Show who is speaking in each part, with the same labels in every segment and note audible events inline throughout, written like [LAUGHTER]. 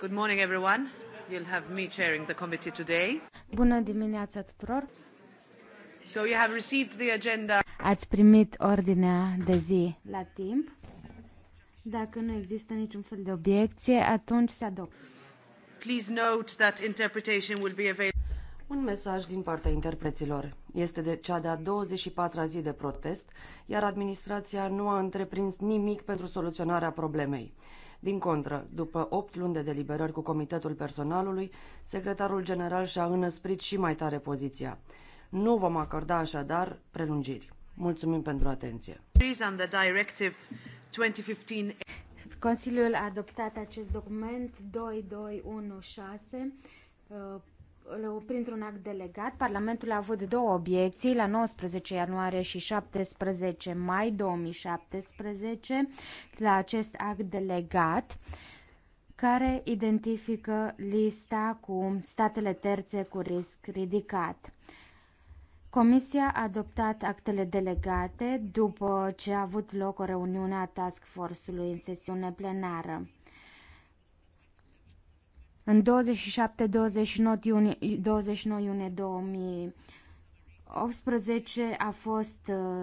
Speaker 1: Good morning everyone. You'll have me chairing the committee today. Bună
Speaker 2: dimineața tuturor. So you have received the agenda. Ați primit ordinea de zi la timp. Dacă nu există niciun fel de obiecție, atunci
Speaker 3: se adoptă. Please note that interpretation will be available. Un mesaj din partea interpreților. Este de cea de-a 24-a zi de protest, iar administrația nu a întreprins nimic pentru soluționarea problemei. Din contră, după opt luni de deliberări cu Comitetul Personalului, secretarul general și-a înăsprit și mai tare poziția. Nu vom acorda așadar prelungiri. Mulțumim pentru atenție.
Speaker 2: Consiliul a adoptat acest document 2216 printr-un act delegat, Parlamentul a avut două obiecții la 19 ianuarie și 17 mai 2017 la acest act delegat care identifică lista cu statele terțe cu risc ridicat. Comisia a adoptat actele delegate după ce a avut loc o reuniune a task force-ului în sesiune plenară. În 27-29 iunie, 29 iunie 2018 a fost uh,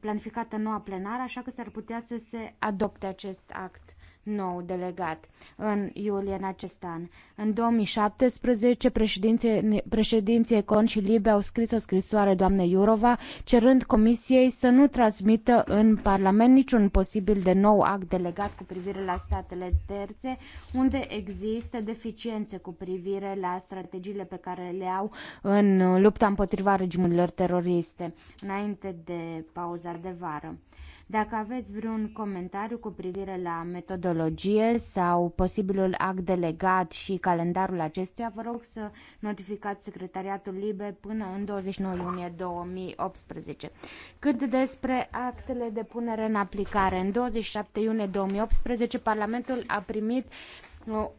Speaker 2: planificată noua plenară, așa că s-ar putea să se adopte acest act nou delegat în iulie în acest an. În 2017, președinții, președinții Econ și Libe au scris o scrisoare doamnei Iurova cerând Comisiei să nu transmită în Parlament niciun posibil de nou act delegat cu privire la statele terțe, unde există deficiențe cu privire la strategiile pe care le au în lupta împotriva regimurilor teroriste, înainte de pauza de vară. Dacă aveți vreun comentariu cu privire la metodologie sau posibilul act delegat și calendarul acestuia, vă rog să notificați Secretariatul Libe până în 29 iunie 2018. Cât despre actele de punere în aplicare, în 27 iunie 2018 Parlamentul a primit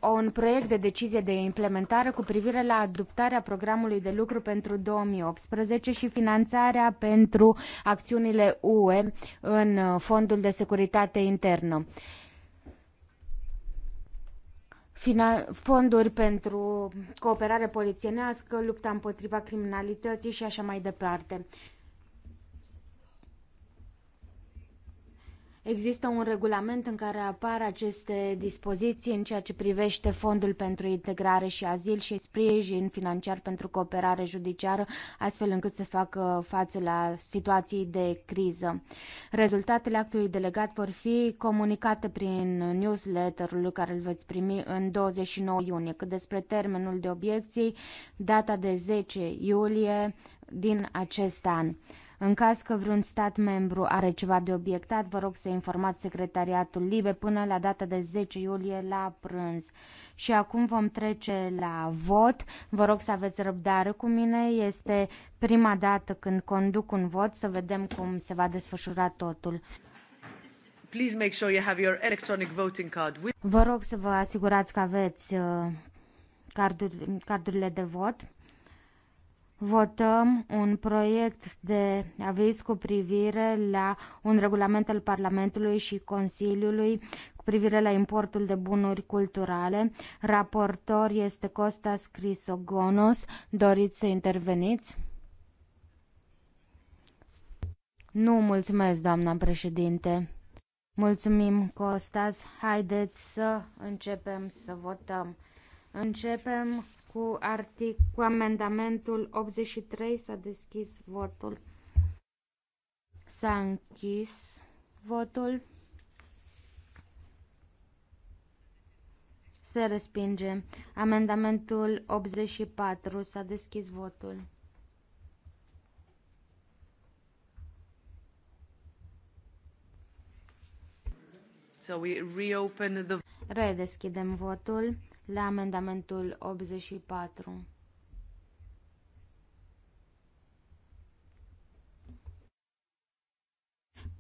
Speaker 2: un proiect de decizie de implementare cu privire la adoptarea programului de lucru pentru 2018 și finanțarea pentru acțiunile UE în uh, Fondul de Securitate Internă. Fina fonduri pentru cooperare polițienească, lupta împotriva criminalității și așa mai departe. Există un regulament în care apar aceste dispoziții în ceea ce privește Fondul pentru Integrare și Azil și sprijin financiar pentru cooperare judiciară, astfel încât să facă față la situații de criză. Rezultatele actului delegat vor fi comunicate prin newsletterul care îl veți primi în 29 iunie. Cât despre termenul de obiecții, data de 10 iulie din acest an. În caz că vreun stat membru are ceva de obiectat, vă rog să informați secretariatul LIBE până la data de 10 iulie la prânz. Și acum vom trece la vot. Vă rog să aveți răbdare cu mine. Este prima dată când conduc un vot să vedem cum se va desfășura totul.
Speaker 1: Please make sure you have your electronic voting card with...
Speaker 2: Vă rog să vă asigurați că aveți uh, cardurile de vot. Votăm un proiect de aviz cu privire la un regulament al Parlamentului și Consiliului cu privire la importul de bunuri culturale. Raportor este Costas Scrisogonos. Doriți să interveniți? Nu, mulțumesc, doamna președinte. Mulțumim, Costas. Haideți să începem să votăm. Începem cu, artic, cu amendamentul 83 s-a deschis votul. S-a închis votul. Se respinge. Amendamentul 84 s-a deschis votul.
Speaker 1: So we reopen the
Speaker 2: Redeschidem votul la amendamentul 84.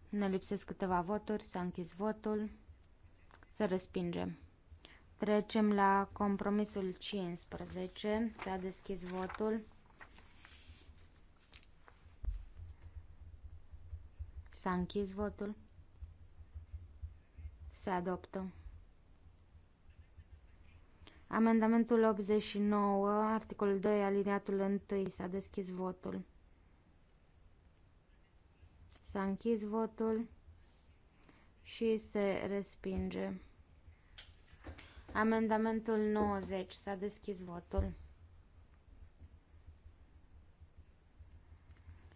Speaker 2: Ne lipsesc câteva voturi, s-a închis votul, Să respingem. Trecem la compromisul 15, s-a deschis votul. S-a închis votul. Se adoptă. Amendamentul 89, articolul 2, aliniatul 1, s-a deschis votul. S-a închis votul și se respinge. Amendamentul 90, s-a deschis votul.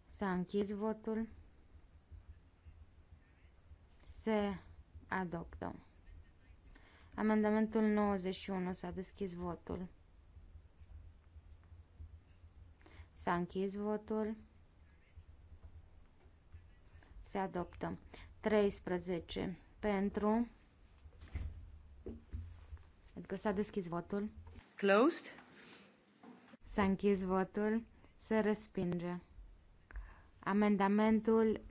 Speaker 2: S-a închis votul. Se adoptă. Amendamentul 91. S-a deschis votul. S-a închis votul. Se adoptă. 13. Pentru. Adică s-a deschis votul. Closed. S-a închis votul. Se respinge. Amendamentul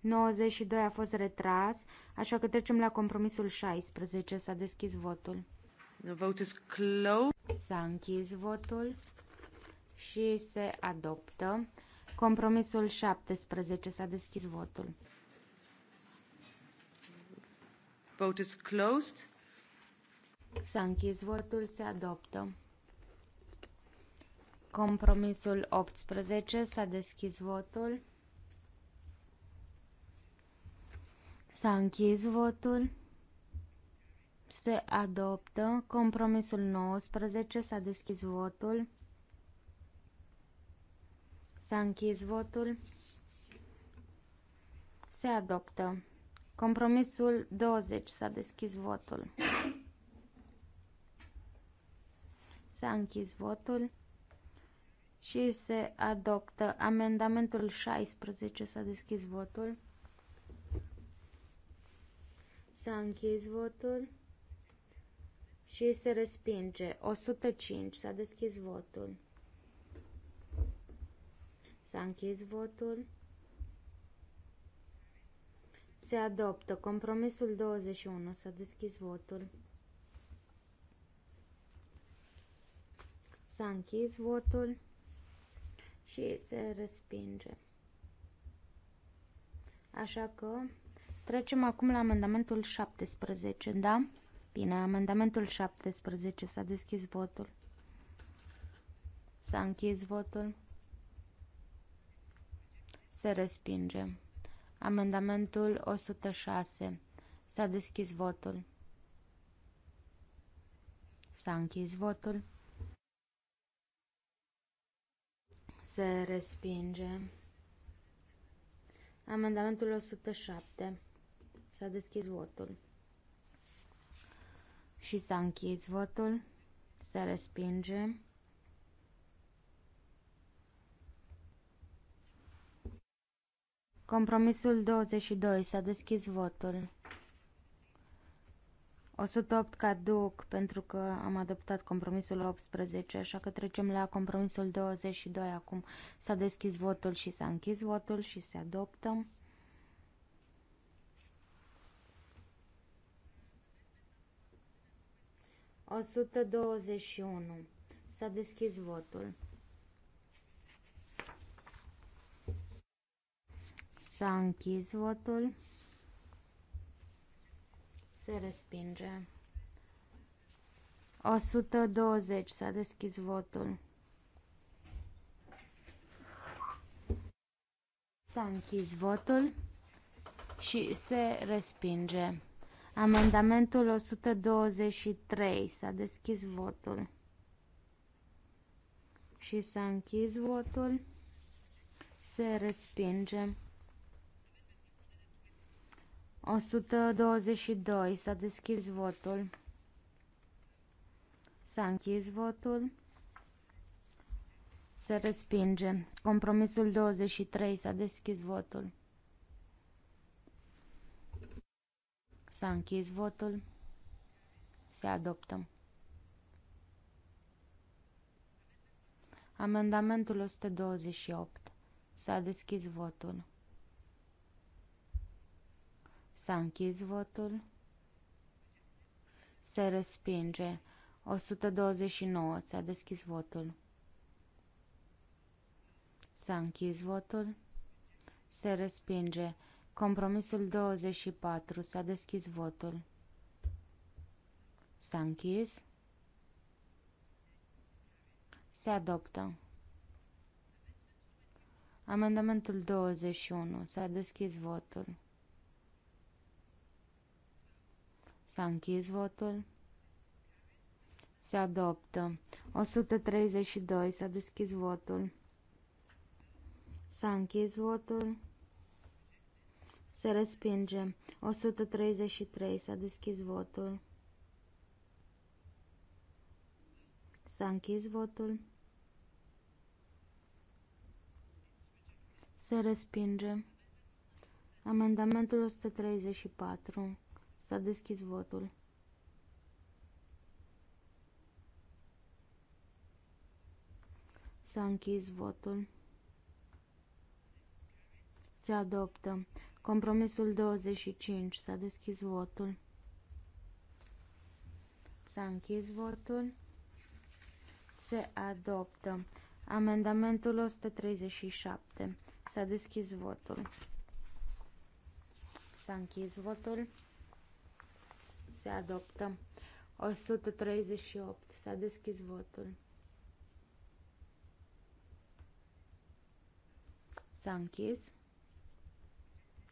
Speaker 2: 92 a fost retras, așa că trecem la compromisul 16. S-a deschis votul. The vote is closed. S-a închis votul și se adoptă. Compromisul 17 s-a deschis votul. Vote is closed. S-a închis votul, se adoptă. Compromisul 18 s-a deschis votul. S-a închis votul. Se adoptă. Compromisul 19. S-a deschis votul. S-a închis votul. Se adoptă. Compromisul 20. S-a deschis votul. S-a închis votul și se adoptă. Amendamentul 16. S-a deschis votul. S-a închis votul și se respinge. 105. S-a deschis votul. S-a închis votul. Se adoptă. Compromisul 21. S-a deschis votul. S-a închis votul și se respinge. Așa că Trecem acum la amendamentul 17, da? Bine, amendamentul 17 s-a deschis votul. S-a închis votul. Se respinge. Amendamentul 106. S-a deschis votul. S-a închis votul. Se respinge. Amendamentul 107. S-a deschis votul. Și s-a închis votul. Se respinge. Compromisul 22. S-a deschis votul. 108 caduc pentru că am adoptat compromisul 18, așa că trecem la compromisul 22 acum. S-a deschis votul și s-a închis votul și se adoptăm 121. S-a deschis votul. S-a închis votul. Se respinge. 120. S-a deschis votul. S-a închis votul și se respinge. Amendamentul 123. S-a deschis votul. Și s-a închis votul. Se respinge. 122. S-a deschis votul. S-a închis votul. Se respinge. Compromisul 23. S-a deschis votul. S-a închis votul. Se adoptă. Amendamentul 128. S-a deschis votul. S-a închis votul. Se respinge. 129. S-a deschis votul. S-a închis votul. Se respinge. Compromisul 24. S-a deschis votul. S-a închis. Se adoptă. Amendamentul 21. S-a deschis votul. S-a închis votul. Se adoptă. 132. S-a deschis votul. S-a închis votul. Se respinge. 133. S-a deschis votul. S-a închis votul. Se respinge. Amendamentul 134. S-a deschis votul. S-a închis votul. Se adoptă. Compromisul 25. S-a deschis votul. S-a închis votul. Se adoptă. Amendamentul 137. S-a deschis votul. S-a închis votul. Se adoptă. 138. S-a deschis votul. S-a închis.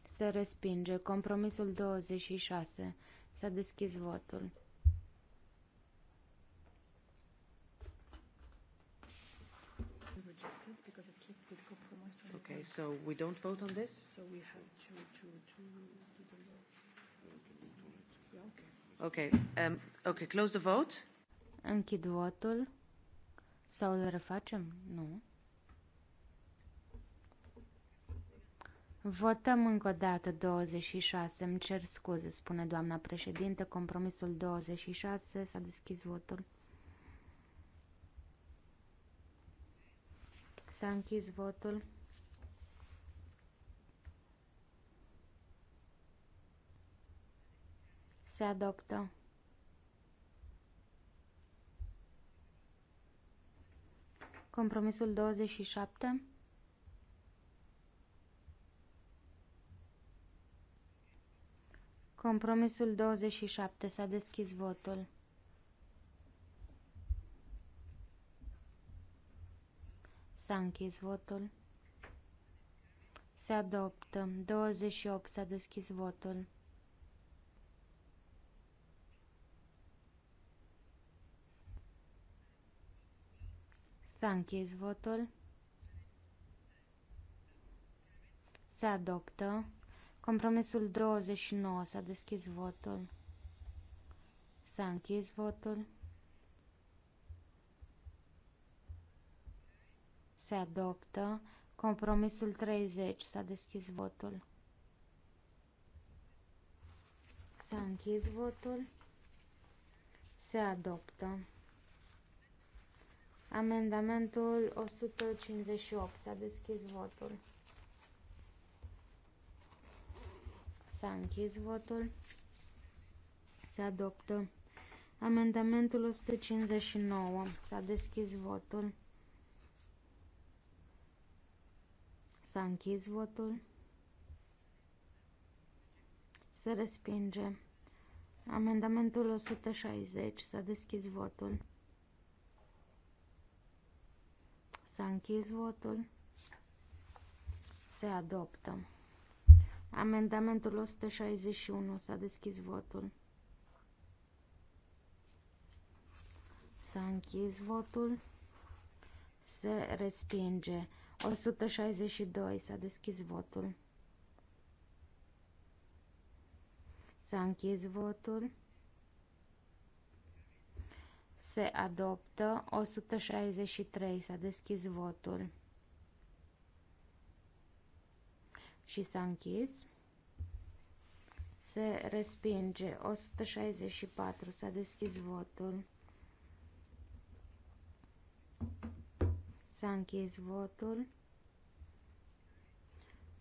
Speaker 2: Se respinge. Compromisul 26. S-a deschis votul.
Speaker 1: Okay, so we don't vote on this? So we have to, to, to do the vote. Yeah, okay. Okay, um, okay, close the vote.
Speaker 2: Închid votul. Sau îl refacem? Nu. Votăm încă o dată 26. Îmi cer scuze, spune doamna președinte. Compromisul 26. S-a deschis votul. S-a închis votul. Se adoptă. Compromisul 27. Compromisul 27. S-a deschis votul. S-a închis votul. Se adoptă. 28. S-a deschis votul. S-a închis votul. Se adoptă. Compromisul 29. S-a deschis votul. S-a închis votul. Se adoptă. Compromisul 30. S-a deschis votul. S-a închis votul. Se adoptă. Amendamentul 158. S-a deschis votul. S-a închis votul. Se adoptă. Amendamentul 159. S-a deschis votul. S-a închis votul. Se respinge. Amendamentul 160. S-a deschis votul. S-a închis votul. Se adoptă. Amendamentul 161. S-a deschis votul. S-a închis votul. Se respinge. 162. S-a deschis votul. S-a închis votul. Se adoptă. 163. S-a deschis votul. și s-a închis. Se respinge. 164. S-a deschis votul. S-a închis votul.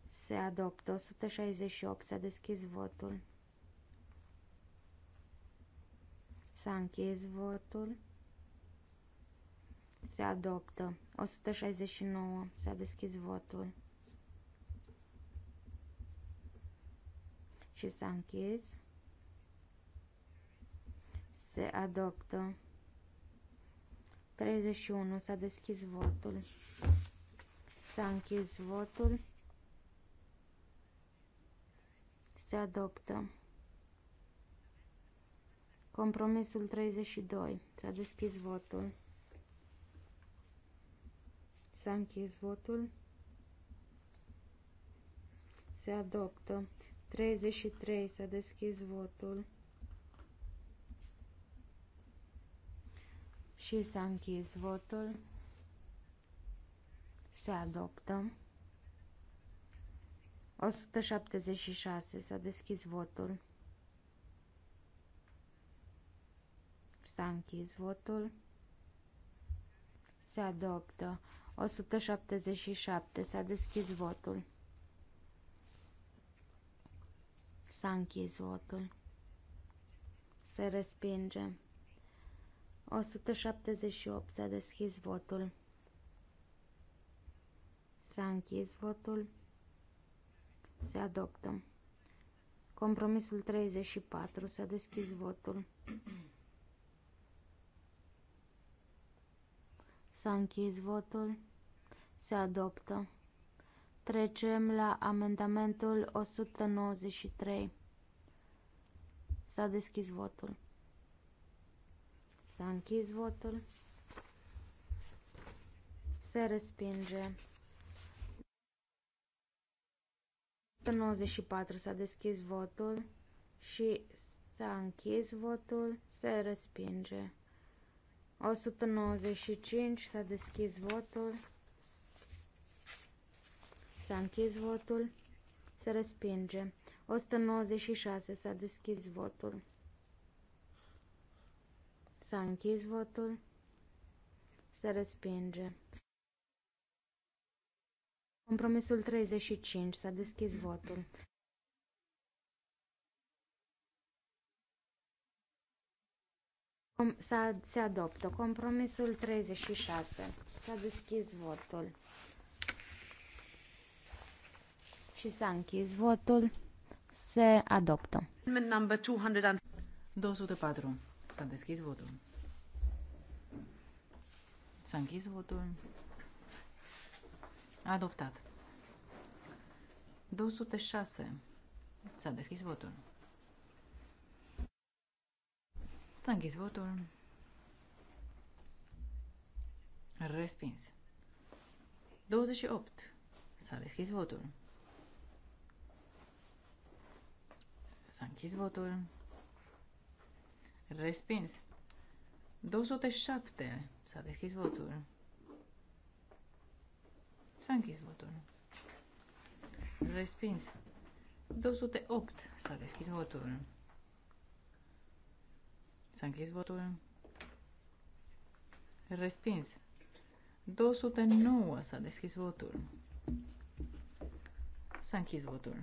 Speaker 2: Se adoptă. 168. S-a deschis votul. S-a închis votul. Se adoptă. 169. S-a deschis votul. și s-a închis. Se adoptă. 31. S-a deschis votul. S-a închis votul. Se adoptă. Compromisul 32. S-a deschis votul. S-a închis votul. Se adoptă. 33. Să deschizi votul. Și s-a închis votul. Se adoptă. 176. S-a deschis votul. S-a închis votul. Se adoptă. 177. S-a deschis votul. S-a închis votul. Se respinge. 178. S-a deschis votul. S-a închis votul. Se adoptă. Compromisul 34. S-a deschis votul. S-a închis votul. Se adoptă. Trecem la amendamentul 193. S-a deschis votul. S-a închis votul. Se respinge. 194 s-a deschis votul și s-a închis votul, se respinge. 195 s-a deschis votul S-a închis votul. Se respinge. 196. S-a deschis votul. S-a închis votul. Se respinge. Compromisul 35. S-a deschis votul. Com se adoptă. Compromisul 36. S-a deschis votul. Și s-a închis votul. Se adoptă.
Speaker 4: 204. S-a deschis votul. S-a închis votul. Adoptat. 206. S-a deschis votul. S-a închis votul. Respins. 28. S-a deschis votul. S-a închis votul. Respins. 207. S-a deschis votul. S-a închis votul. Respins. 208. S-a deschis votul. S-a închis votul. Respins. 209. S-a deschis votul. S-a închis votul.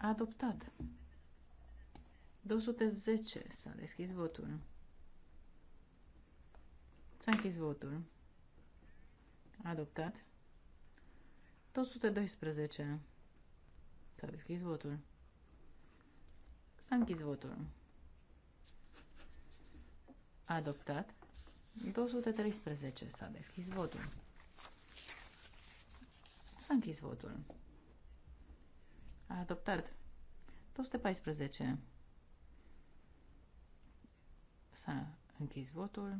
Speaker 4: Adoptat. 210. S-a deschis votul. S-a închis votul. Adoptat. 212. S-a deschis votul. S-a închis votul. Adoptat. 213. S-a deschis votul. S-a închis votul. Adoptat. 214. S-a închis votul.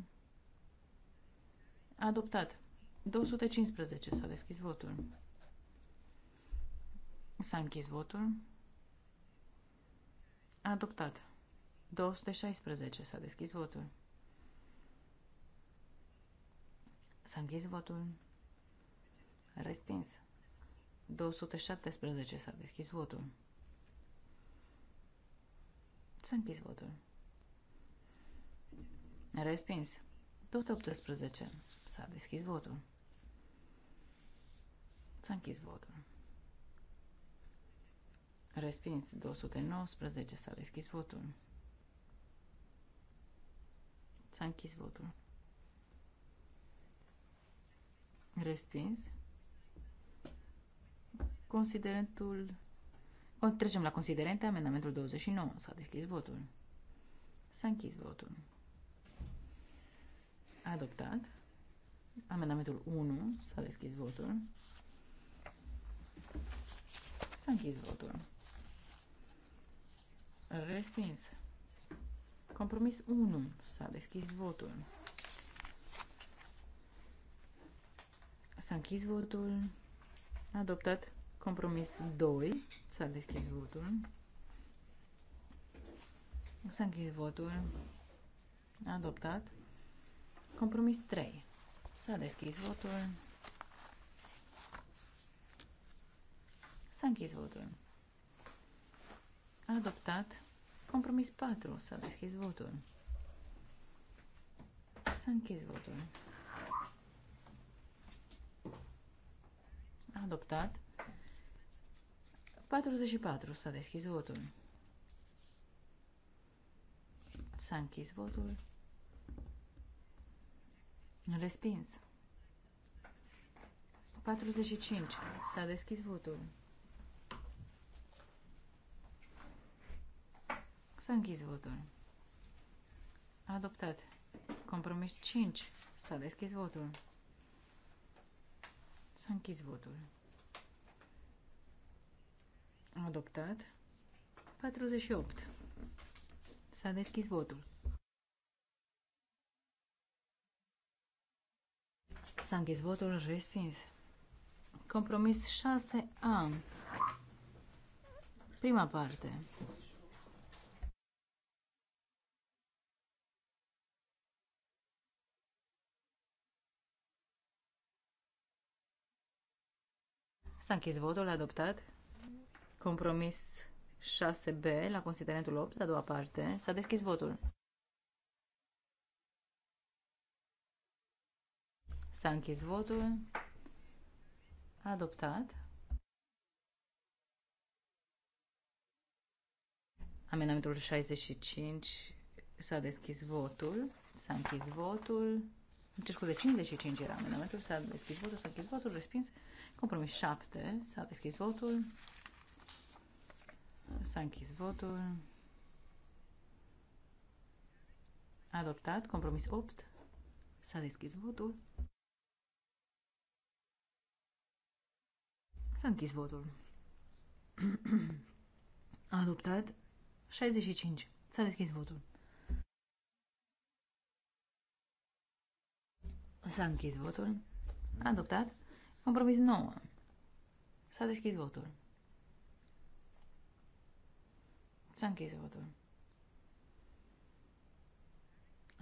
Speaker 4: Adoptat. 215. S-a deschis votul. S-a închis votul. Adoptat. 216. S-a deschis votul. S-a închis votul. Respins. 217 s-a deschis votul. S-a închis votul. Respins. 18 s-a deschis votul. S-a închis votul. Respins. 219 s-a deschis votul. S-a închis votul. Respins. Considerentul... O, trecem la considerente. Amendamentul 29. S-a deschis votul. S-a închis votul. Adoptat. Amendamentul 1. S-a deschis votul. S-a închis votul. Respins. Compromis 1. S-a deschis votul. S-a închis votul. Adoptat. Compromis 2. S-a deschis votul. S-a închis votul. Adoptat. Compromis 3. S-a deschis votul. S-a închis votul. Adoptat. Compromis 4. S-a deschis votul. S-a închis votul. Adoptat. 44. S-a deschis votul. S-a închis votul. Respins. 45. S-a deschis votul. S-a închis votul. Adoptat. Compromis 5. S-a deschis votul. S-a închis votul. Adoptat. 48. S-a deschis votul. S-a închis votul respins. Compromis 6A. Prima parte. S-a închis votul adoptat. Compromis 6B la considerentul 8, a doua parte. S-a deschis votul. S-a închis votul. Adoptat. Amendamentul 65 s-a deschis votul, s-a închis votul. Ce scuze, 55 era amendamentul, s-a deschis votul, s-a închis votul, respins. Compromis 7, s-a deschis votul, S-a închis votul. Adoptat. Compromis 8. S-a deschis votul. S-a închis votul. [CLEARS THROAT] Adoptat. 65. S-a deschis votul. S-a închis votul. Adoptat. Compromis 9. S-a deschis votul. S-a închis votul.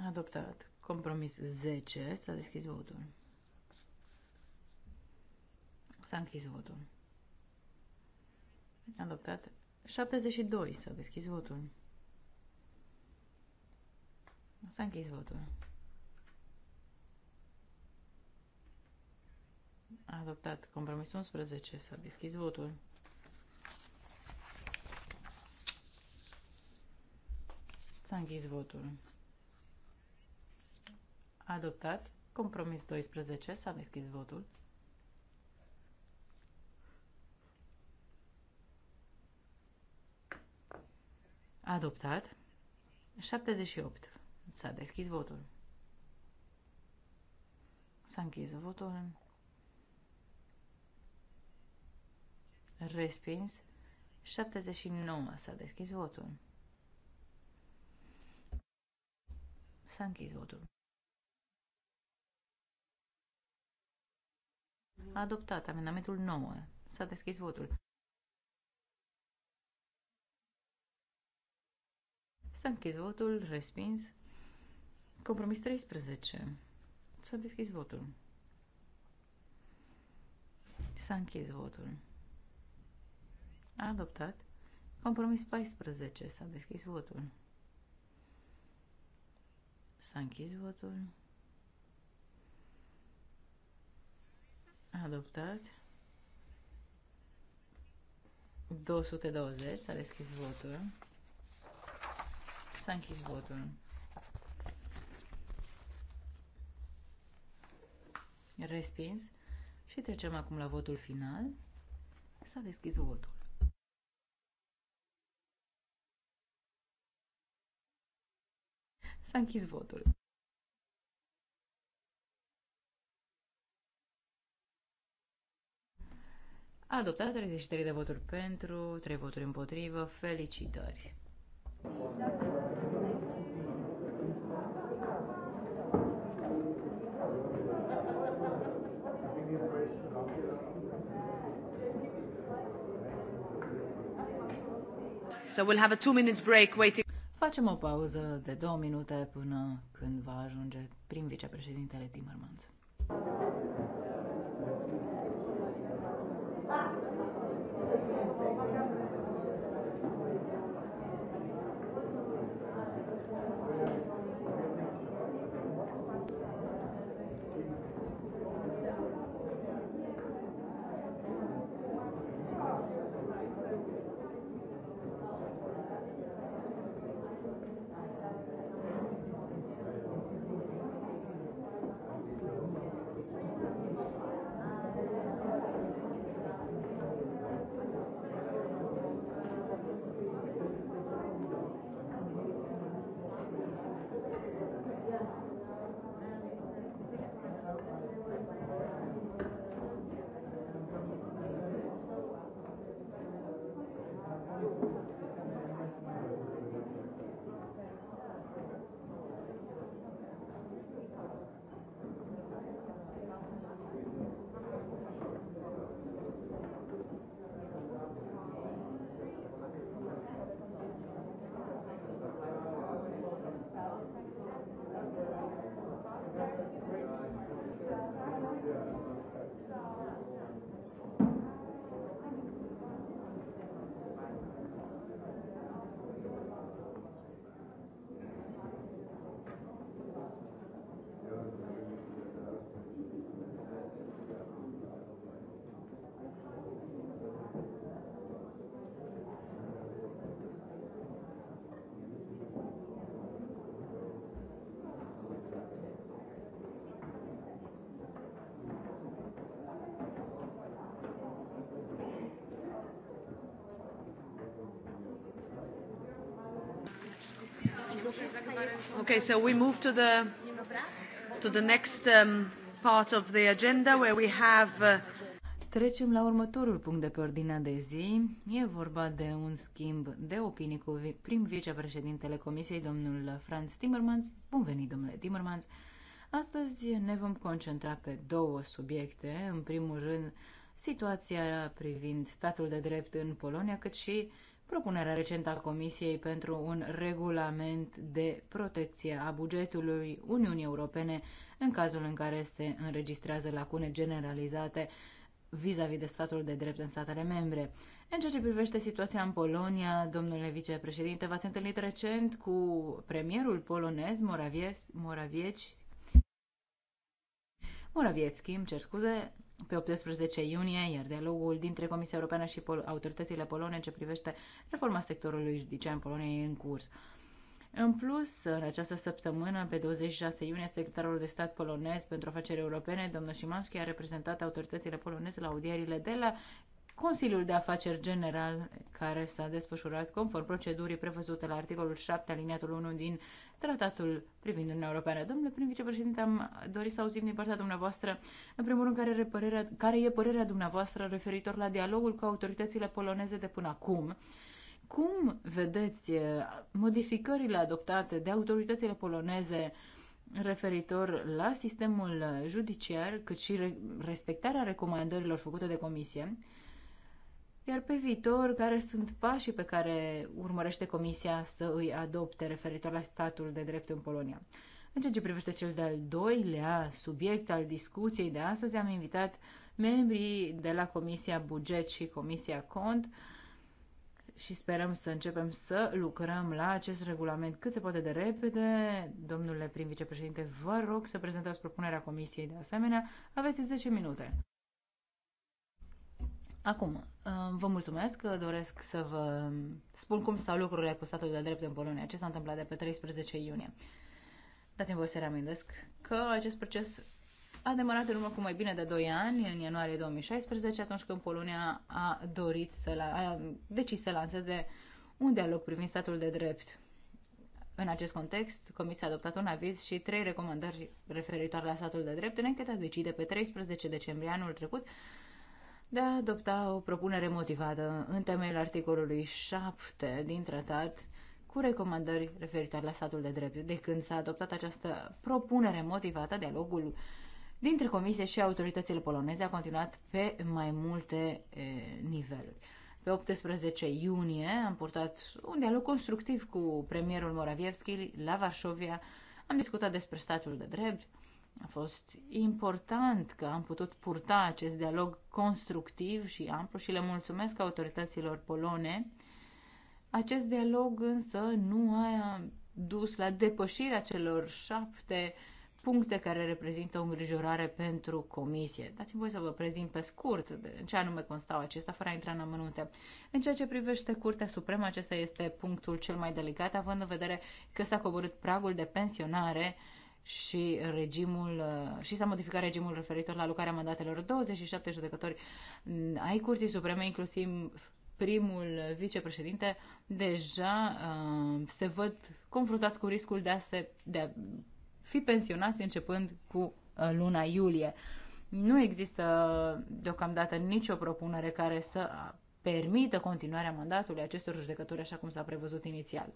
Speaker 4: Adoptat. Compromis 10. S-a deschis votul. S-a închis votul. Adoptat. 72. S-a deschis votul. S-a închis votul. Adoptat. Compromis 11. S-a deschis votul. S-a închis votul. Adoptat. Compromis 12. S-a deschis votul. Adoptat. 78. S-a deschis votul. S-a închis votul. Respins. 79. S-a deschis votul. S-a închis votul. A adoptat amendamentul 9. S-a deschis votul. S-a închis votul, respins. Compromis 13. S-a deschis votul. S-a închis votul. A adoptat. Compromis 14. S-a deschis votul. S-a închis votul. Adoptat. 220. S-a deschis votul. S-a închis votul. Respins. Și trecem acum la votul final. S-a deschis votul. S-a închis votul. adoptat 33 de voturi pentru, 3 voturi împotrivă. Felicitări! So we'll have a two minutes break waiting. Facem o pauză de două minute până când va ajunge prim vicepreședintele Timmermans. Okay, so we move to the to the next um, part of the agenda where we have uh... Trecem la următorul punct de pe ordinea de zi. E vorba de un schimb de opinii cu prim vicepreședintele Comisiei, domnul Franz Timmermans. Bun venit, domnule Timmermans! Astăzi ne vom concentra pe două subiecte. În primul rând, situația privind statul de drept în Polonia, cât și uh, propunerea recentă a Comisiei pentru un regulament de protecție a bugetului Uniunii Europene în cazul în care se înregistrează lacune generalizate vis-a-vis -vis de statul de drept în statele membre. În ceea ce privește situația în Polonia, domnule vicepreședinte, v-ați întâlnit recent cu premierul polonez Moraviec, Moravieci, Moraviecki, îmi cer scuze, pe 18 iunie, iar dialogul dintre Comisia Europeană și Pol- autoritățile polone ce privește reforma sectorului judiciar în Polonia e în curs. În plus, în această săptămână, pe 26 iunie, secretarul de stat polonez pentru afaceri europene, domnul Simanski, a reprezentat autoritățile poloneze la audierile de la Consiliul de Afaceri General, care s-a desfășurat conform procedurii prevăzute la articolul 7 aliniatul 1 din tratatul privind Uniunea Europeană. Domnule prim vicepreședinte, am dorit să auzim din partea dumneavoastră, în primul rând, care, părerea, care e părerea dumneavoastră referitor la dialogul cu autoritățile poloneze de până acum. Cum vedeți eh, modificările adoptate de autoritățile poloneze referitor la sistemul judiciar, cât și respectarea recomandărilor făcute de comisie? Iar pe viitor, care sunt pașii pe care urmărește Comisia să îi adopte referitor la statul de drept în Polonia? În ceea ce privește cel de-al doilea subiect al discuției de astăzi, am invitat membrii de la Comisia Buget și Comisia Cont și sperăm să începem să lucrăm la acest regulament cât se poate de repede. Domnule prim-vicepreședinte, vă rog să prezentați propunerea Comisiei de asemenea. Aveți 10 minute. Acum, uh, vă mulțumesc că doresc să vă spun cum stau lucrurile cu statul de drept în Polonia, ce s-a întâmplat de pe 13 iunie. Dați-mi voi să reamintesc că acest proces a demarat în urmă cu mai bine de 2 ani, în ianuarie 2016, atunci când Polonia a dorit să la, a decis să lanseze un dialog privind statul de drept. În acest context, Comisia a adoptat un aviz și trei recomandări referitoare la statul de drept înainte de a decide pe 13 decembrie anul trecut de a adopta o propunere motivată în temeiul articolului 7 din tratat cu recomandări referitoare la statul de drept. De când s-a adoptat această propunere motivată, dialogul dintre comisie și autoritățile poloneze a continuat pe mai multe e, niveluri. Pe 18 iunie am purtat un dialog constructiv cu premierul Moravievski la Varsovia. Am discutat despre statul de drept, a fost important că am putut purta acest dialog constructiv și amplu și le mulțumesc autorităților polone. Acest dialog însă nu a dus la depășirea celor șapte puncte care reprezintă o îngrijorare pentru comisie. Dați-mi voi să vă prezint pe scurt de în ce anume constau acesta, fără a intra în amănunte. În ceea ce privește Curtea Supremă, acesta este punctul cel mai delicat, având în vedere că s-a coborât pragul de pensionare uh, și regimul uh, și s-a modificat regimul referitor la alocarea mandatelor 27 judecători ai Curții Supreme, inclusiv primul vicepreședinte, deja uh, se văd confruntați cu riscul de a, se, de a fi pensionați începând cu uh, luna iulie. Nu există deocamdată nicio propunere care să permită continuarea mandatului acestor judecători așa cum s-a prevăzut inițial.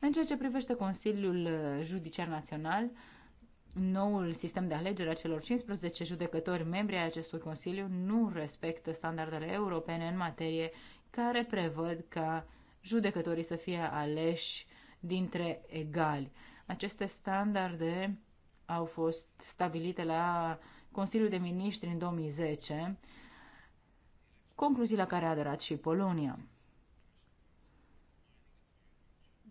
Speaker 4: În ceea ce privește Consiliul uh, Judiciar Național, uh, noul sistem de alegere a celor 15 judecători membri ai acestui Consiliu nu respectă standardele europene în materie care prevăd ca judecătorii să fie aleși dintre egali. Aceste standarde au fost stabilite la Consiliul de Ministri în 2010, concluzii la care a aderat și Polonia.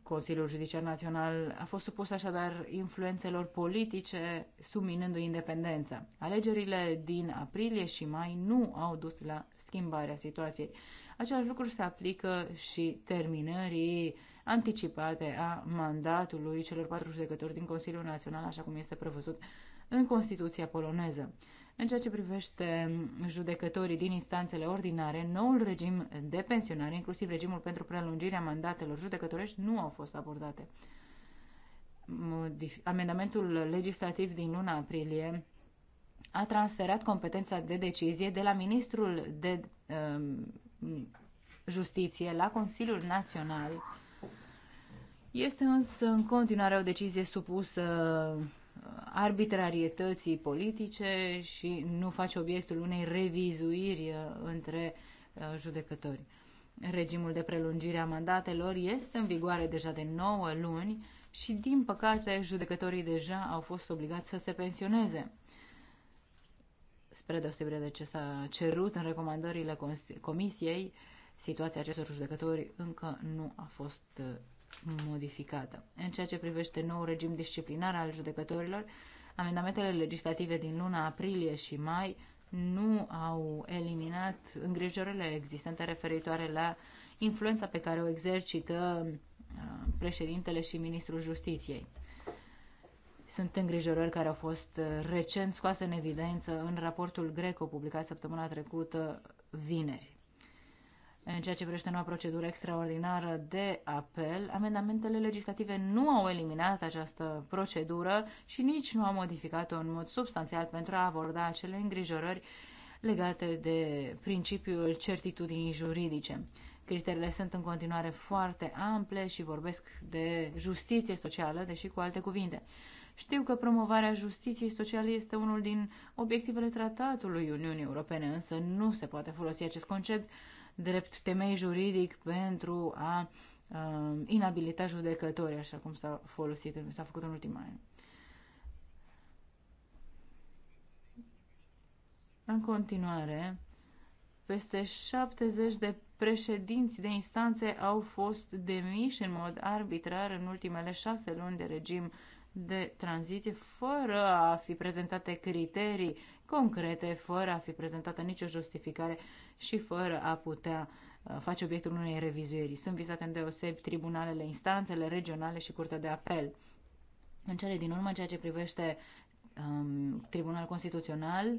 Speaker 4: Consiliul Judiciar Național a fost supus așadar influențelor politice, subminându-i independența. Alegerile din aprilie și mai nu au dus la schimbarea situației. Același lucru se aplică și terminării anticipate a mandatului celor patru judecători din Consiliul Național, așa cum este prevăzut în Constituția poloneză. În ceea ce privește judecătorii din instanțele ordinare, noul regim de pensionare, inclusiv regimul pentru prelungirea mandatelor judecătorești, nu au fost abordate. Amendamentul legislativ din luna aprilie a transferat competența de decizie de la Ministrul de um, Justiție la Consiliul Național. Este însă în continuare o decizie supusă arbitrarietății politice și nu face obiectul unei revizuiri uh, între uh, judecători. Regimul de prelungire a mandatelor este în vigoare deja de 9 luni și, din păcate, judecătorii deja au fost obligați să se pensioneze. Spre deosebire de ce s-a cerut în recomandările Comisiei, situația acestor judecători încă nu a fost uh, modificată. În ceea ce privește nou regim disciplinar al judecătorilor, amendamentele legislative din luna aprilie și mai nu au eliminat îngrijorările existente referitoare la influența pe care o exercită uh, președintele și ministrul justiției. Sunt îngrijorări care au fost uh, recent scoase în evidență în raportul Greco publicat săptămâna trecută vineri. În ceea ce privește noua procedură extraordinară de apel, amendamentele legislative nu au eliminat această procedură și nici nu au modificat-o în mod substanțial pentru a aborda acele îngrijorări legate de principiul certitudinii juridice. Criteriile sunt în continuare foarte ample și vorbesc de justiție socială, deși cu alte cuvinte. Știu că promovarea justiției sociale este unul din obiectivele tratatului Uniunii Europene, însă nu se poate folosi acest concept drept temei juridic pentru a uh, inabilita judecătorii, așa cum s-a folosit, s-a făcut în ultima an. În continuare, peste 70 de președinți de instanțe au fost demiși în mod arbitrar în ultimele șase luni de regim de tranziție, fără a fi prezentate criterii concrete, fără a fi prezentată nicio justificare și fără a putea uh, face obiectul unei revizuiri. Sunt vizate îndeosebi tribunalele, instanțele regionale și curtea de apel. În cele din urmă, ceea ce privește um, Tribunal Constituțional,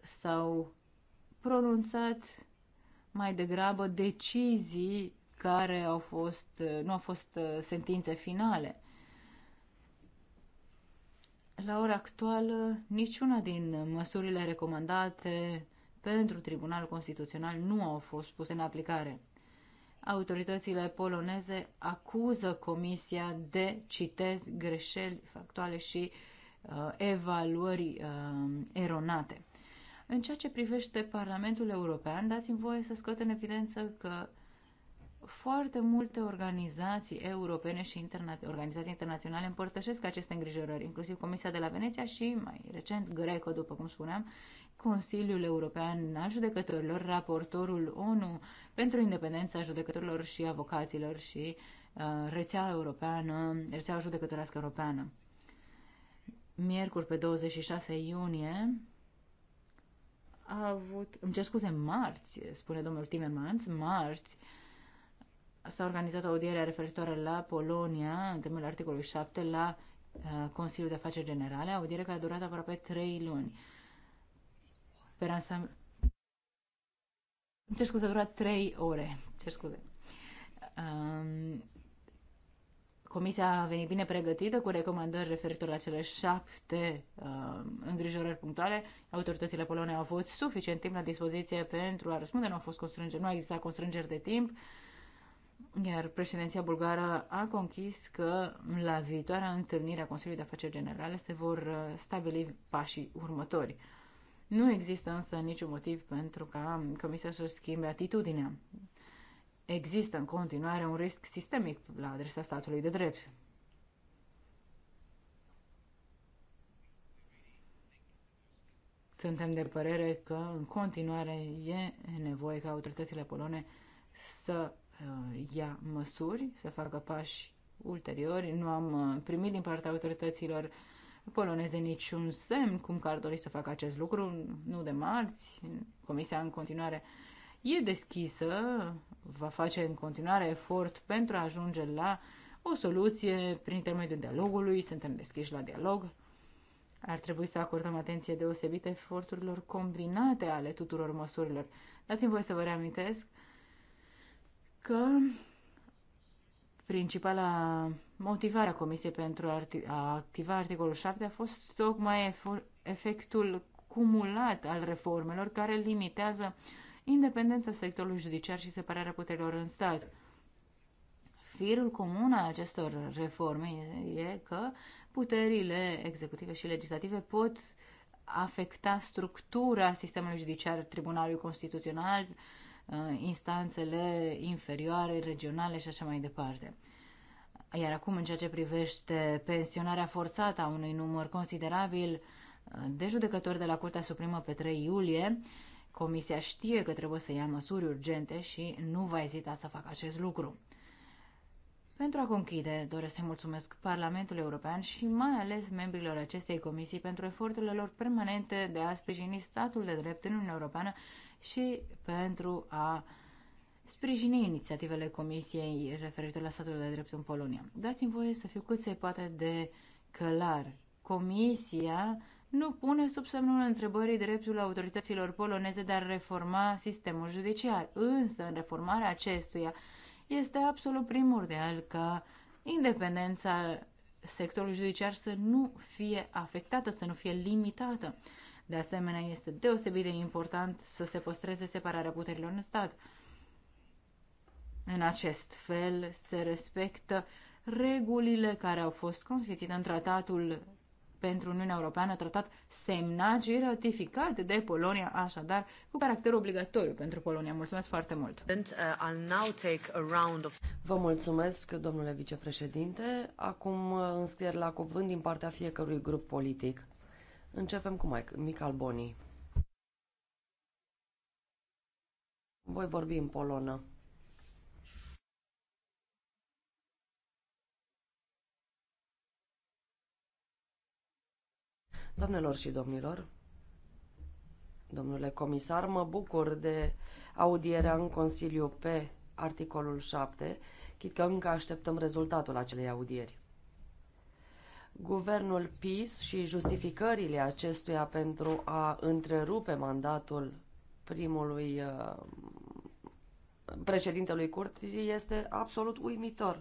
Speaker 4: s-au pronunțat mai degrabă decizii care au fost, uh, nu au fost uh, sentințe finale. La ora actuală, niciuna din măsurile recomandate pentru Tribunalul Constituțional nu au fost puse în aplicare. Autoritățile poloneze acuză Comisia de, citez, greșeli factuale și uh, evaluări uh, eronate. În ceea ce privește Parlamentul European, dați-mi voie să scot în evidență că foarte multe organizații europene și interna- organizații internaționale împărtășesc aceste îngrijorări, inclusiv Comisia de la Veneția și, mai recent, Greco, după cum spuneam, Consiliul European al Judecătorilor, raportorul ONU pentru independența judecătorilor și avocaților și uh, rețeaua europeană, rețeaua judecătorească europeană. Miercuri pe 26 iunie a avut, îmi cer scuze, marți, spune domnul Timmermans, marți, s-a organizat audierea referitoare la Polonia, în temeiul articolului 7, la uh, Consiliul de Afaceri Generale, audiere care a durat aproape 3 luni. Speranța... Îmi cer scuze, a durat trei ore. Cer scuze. Um, comisia a venit bine pregătită cu recomandări referitor la cele șapte um, îngrijorări punctuale. Autoritățile polone au avut suficient timp la dispoziție pentru a răspunde, nu au fost constrângeri, nu a existat constrângeri de timp. Iar președinția bulgară a conchis că la viitoarea întâlnire a Consiliului de Afaceri Generale se vor uh, stabili pașii următori. Nu există însă niciun motiv pentru ca Comisia să-și schimbe atitudinea. Există în continuare un risc sistemic la adresa statului de drept. Suntem de părere că în continuare e nevoie ca autoritățile polone să uh, ia măsuri, să facă pași ulteriori. Nu am uh, primit din partea autorităților uh, poloneze niciun semn cum că ar dori să facă acest lucru, nu de marți. Comisia în continuare e deschisă, va face în continuare efort pentru a ajunge la o soluție prin intermediul dialogului, suntem deschiși la dialog. Ar trebui să acordăm atenție deosebită eforturilor combinate ale tuturor măsurilor. Dați-mi voie să vă reamintesc că principala Motivarea Comisiei pentru a activa articolul 7 a fost tocmai efectul cumulat al reformelor care limitează independența sectorului judiciar și separarea puterilor în stat. Firul comun al acestor reforme e că puterile executive și legislative pot afecta structura sistemului judiciar, Tribunalului Constituțional, uh, instanțele inferioare, regionale și așa mai departe. Iar acum, în ceea ce privește pensionarea forțată a unui număr considerabil uh, de judecători de la Curtea Supremă pe 3 iulie, Comisia știe că trebuie să ia măsuri urgente și nu va ezita să facă acest lucru. Pentru a conchide, doresc să mulțumesc Parlamentul European și mai ales membrilor acestei comisii pentru eforturile lor permanente de a sprijini statul de drept în Uniunea Europeană și pentru a uh, sprijini inițiativele Comisiei referitor la statul de drept în Polonia. Dați-mi voie să fiu cât se poate de clar. Comisia nu pune sub semnul întrebării dreptul autorităților poloneze de a reforma sistemul judiciar, însă în reformarea acestuia este absolut primordial ca independența sectorului judiciar să nu fie afectată, să nu fie limitată. De asemenea, este deosebit de important să se păstreze separarea puterilor în stat. În acest fel se respectă regulile care au fost consfințite în tratatul pentru Uniunea Europeană, tratat semnat și ratificat de Polonia, așadar cu caracter obligatoriu pentru Polonia. Mulțumesc foarte mult! Uh,
Speaker 3: Vă mulțumesc, domnule vicepreședinte. Acum uh, înscrieri la cuvânt din partea fiecărui grup politic. Începem cu Mike, Mic Alboni. Voi vorbi în polonă. Doamnelor și domnilor, domnule comisar, mă bucur de audierea în Consiliu pe articolul 7, chit că încă așteptăm rezultatul acelei audieri. Guvernul PIS și justificările acestuia pentru a întrerupe mandatul primului uh, președintelui Curții este absolut uimitor.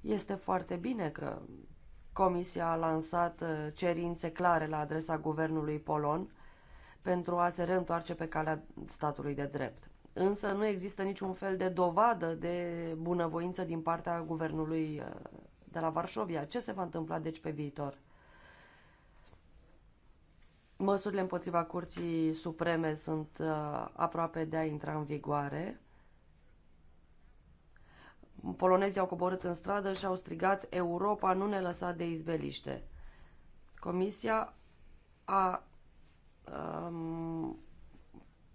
Speaker 3: Este foarte bine că Comisia a lansat uh, cerințe clare la adresa guvernului polon pentru a se reîntoarce pe calea statului de drept. Însă nu există niciun fel de dovadă de bunăvoință din partea guvernului uh, de la Varșovia. Ce se va întâmpla deci pe viitor? Măsurile împotriva Curții Supreme sunt uh, aproape de a intra în vigoare polonezii au coborât în stradă și au strigat Europa nu ne lăsa de izbeliște. Comisia a um,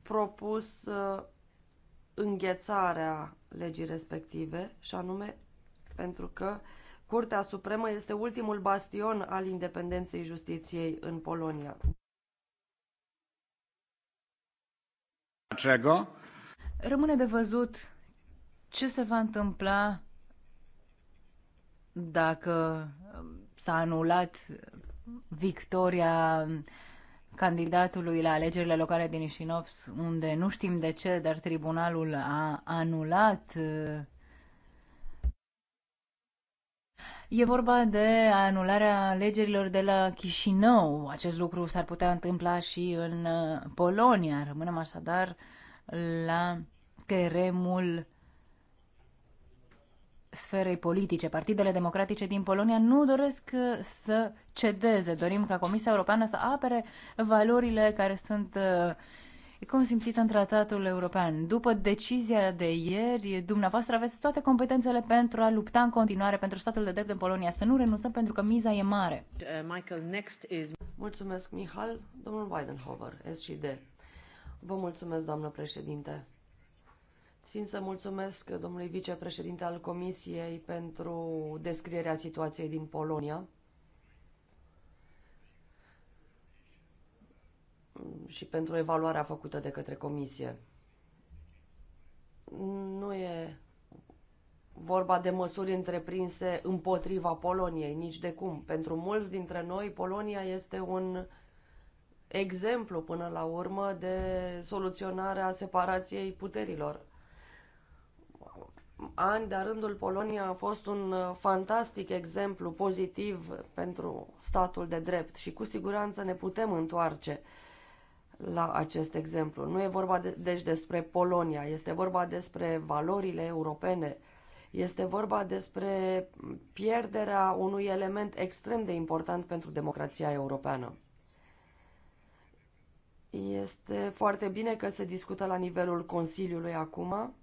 Speaker 3: propus uh, înghețarea legii respective și anume pentru că Curtea Supremă este ultimul bastion al independenței justiției în Polonia. Dlaczego? Rămâne de
Speaker 4: văzut ce se va întâmpla dacă um, s-a anulat victoria candidatului la alegerile locale din Ișinov, unde nu știm de ce, dar tribunalul a anulat. Uh? E vorba de anularea alegerilor de la Chișinău. Acest lucru s-ar putea întâmpla și în uh, Polonia. Rămânem așadar la teremul sferei politice. Partidele democratice din Polonia nu doresc uh, să cedeze. Dorim ca Comisia Europeană să apere valorile care sunt uh, consimțite în tratatul european. După decizia de ieri, dumneavoastră aveți toate competențele pentru a lupta în continuare pentru statul de drept în Polonia. Să nu renunțăm pentru că miza e mare.
Speaker 3: Uh, Michael, next is... Mulțumesc, Mihal. Domnul Weidenhofer, SCD. Vă mulțumesc, doamnă președinte. Țin să mulțumesc domnului vicepreședinte al Comisiei pentru descrierea situației din Polonia și pentru evaluarea făcută de către Comisie. Nu e vorba de măsuri întreprinse împotriva Poloniei, nici de cum. Pentru mulți dintre noi, Polonia este un exemplu până la urmă de soluționarea separației puterilor ani de rândul Polonia a fost un uh, fantastic exemplu pozitiv pentru statul de drept și cu siguranță ne putem întoarce la acest exemplu. Nu e vorba de, deci despre Polonia, este vorba despre valorile europene, este vorba despre pierderea unui element extrem de important pentru democrația europeană. Este foarte bine că se discută la nivelul Consiliului acum,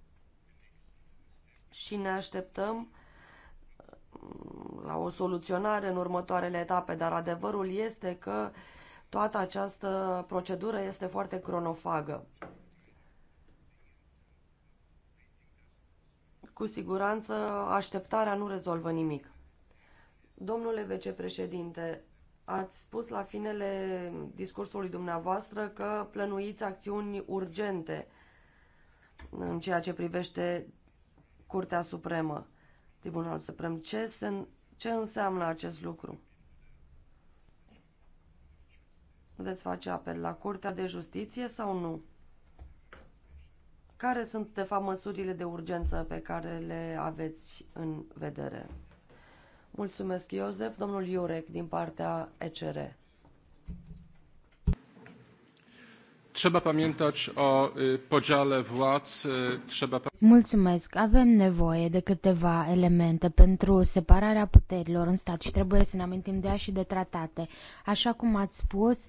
Speaker 3: și ne așteptăm mm, la o soluționare în următoarele etape, dar adevărul este că toată această procedură este foarte cronofagă. Cu siguranță, așteptarea nu rezolvă nimic. Domnule vicepreședinte, ați spus la finele discursului dumneavoastră că plănuiți acțiuni urgente în ceea ce privește Curtea Supremă, Tribunalul Suprem. Ce, se, ce înseamnă acest lucru? Puteți face apel la Curtea de Justiție sau nu? Care sunt, de fapt, măsurile de urgență pe care le aveți în vedere? Mulțumesc, Iosef. Domnul Iurec, din partea ECR. Trzeba pamiętać o podziale władz, trzeba
Speaker 2: Mulțumesc. Avem nevoie de câteva elemente pentru separarea puterilor în stat și trebuie să ne amintim de ea și de tratate. Așa cum ați spus,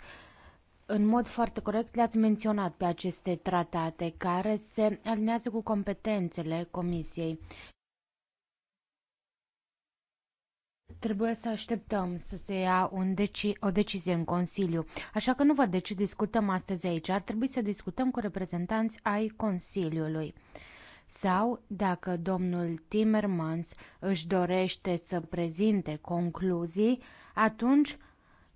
Speaker 2: în mod foarte corect le-ați menționat pe aceste tratate care se alinează cu competențele Comisiei Trebuie să așteptăm să se ia un deci- o decizie în Consiliu. Așa că nu văd de ce discutăm astăzi aici. Ar trebui să discutăm cu reprezentanți ai Consiliului. Sau, dacă domnul Timmermans își dorește să prezinte concluzii, atunci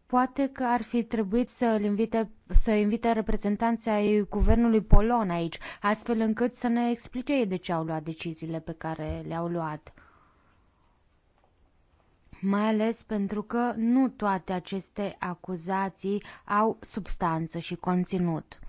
Speaker 2: poate că ar fi trebuit să îl invite, să invite reprezentanții ai guvernului polon aici, astfel încât să ne explice ei de ce au luat deciziile pe care le-au luat mai ales pentru că nu toate aceste acuzații au substanță și conținut.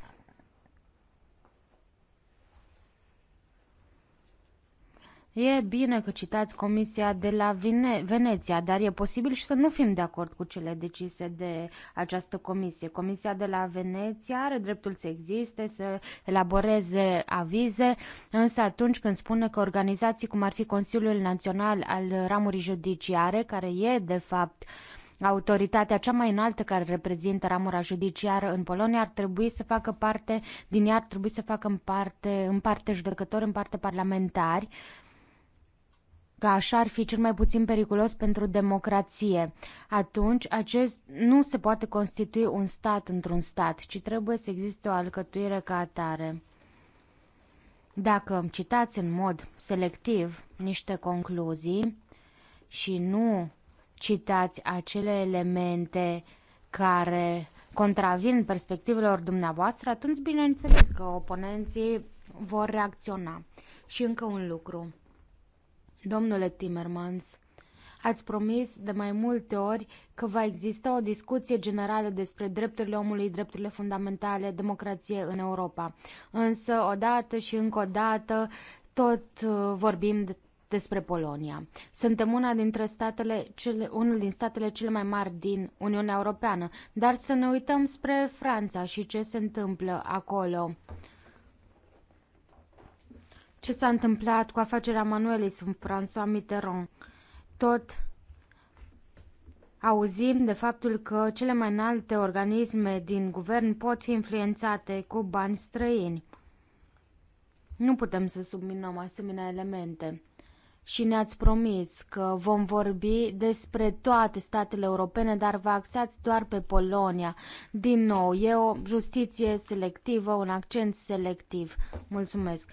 Speaker 2: E bine că citați Comisia de la Vine- Veneția, dar e posibil și să nu fim de acord cu cele decise de această comisie. Comisia de la Veneția are dreptul să existe, să elaboreze avize, însă atunci când spune că organizații cum ar fi Consiliul Național al Ramurii Judiciare, care e de fapt Autoritatea cea mai înaltă care reprezintă ramura judiciară în Polonia ar trebui să facă parte din ea, ar trebui să facă în parte, în parte judecători, în parte parlamentari. Uh, că așa ar fi cel mai puțin periculos pentru democrație. Atunci, acest nu se poate constitui un stat într-un stat, ci trebuie să existe o alcătuire ca atare. Dacă citați în mod selectiv niște concluzii și nu citați acele elemente care contravin perspectivelor dumneavoastră, atunci bineînțeles că oponenții vor reacționa. Și încă un lucru. Domnule Timmermans, ați promis de mai multe ori că va exista o discuție generală despre drepturile omului, drepturile fundamentale, democrație în Europa. Însă, odată și încă o dată, tot uh, vorbim de despre Polonia. Suntem una dintre statele, cele, unul din statele cele mai mari din Uniunea Europeană, dar să ne uităm spre Franța și ce se întâmplă acolo ce s-a întâmplat cu afacerea Manuelei în François Mitterrand. Tot auzim de faptul că cele mai înalte organisme din guvern pot fi influențate cu bani străini. Nu putem să subminăm asemenea elemente. Și ne-ați promis că vom vorbi despre toate statele europene, dar vă axați doar pe Polonia. Din nou, e o justiție selectivă, un accent selectiv. Mulțumesc!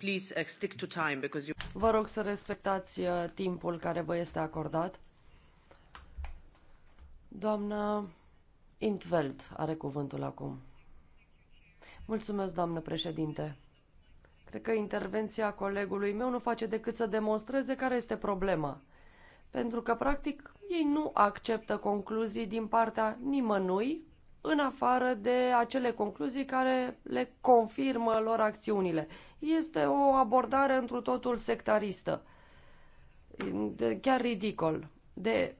Speaker 3: please uh, stick to time because you... Vă rog să respectați uh, timpul care vă este acordat. Doamna Intveld are cuvântul acum. Mulțumesc, doamnă președinte. Cred că intervenția colegului meu nu face decât să demonstreze care este problema. Pentru că, practic, ei nu acceptă concluzii din partea nimănui în afară de acele concluzii care le confirmă lor acțiunile. Este o abordare întru totul sectaristă, de, chiar ridicol. De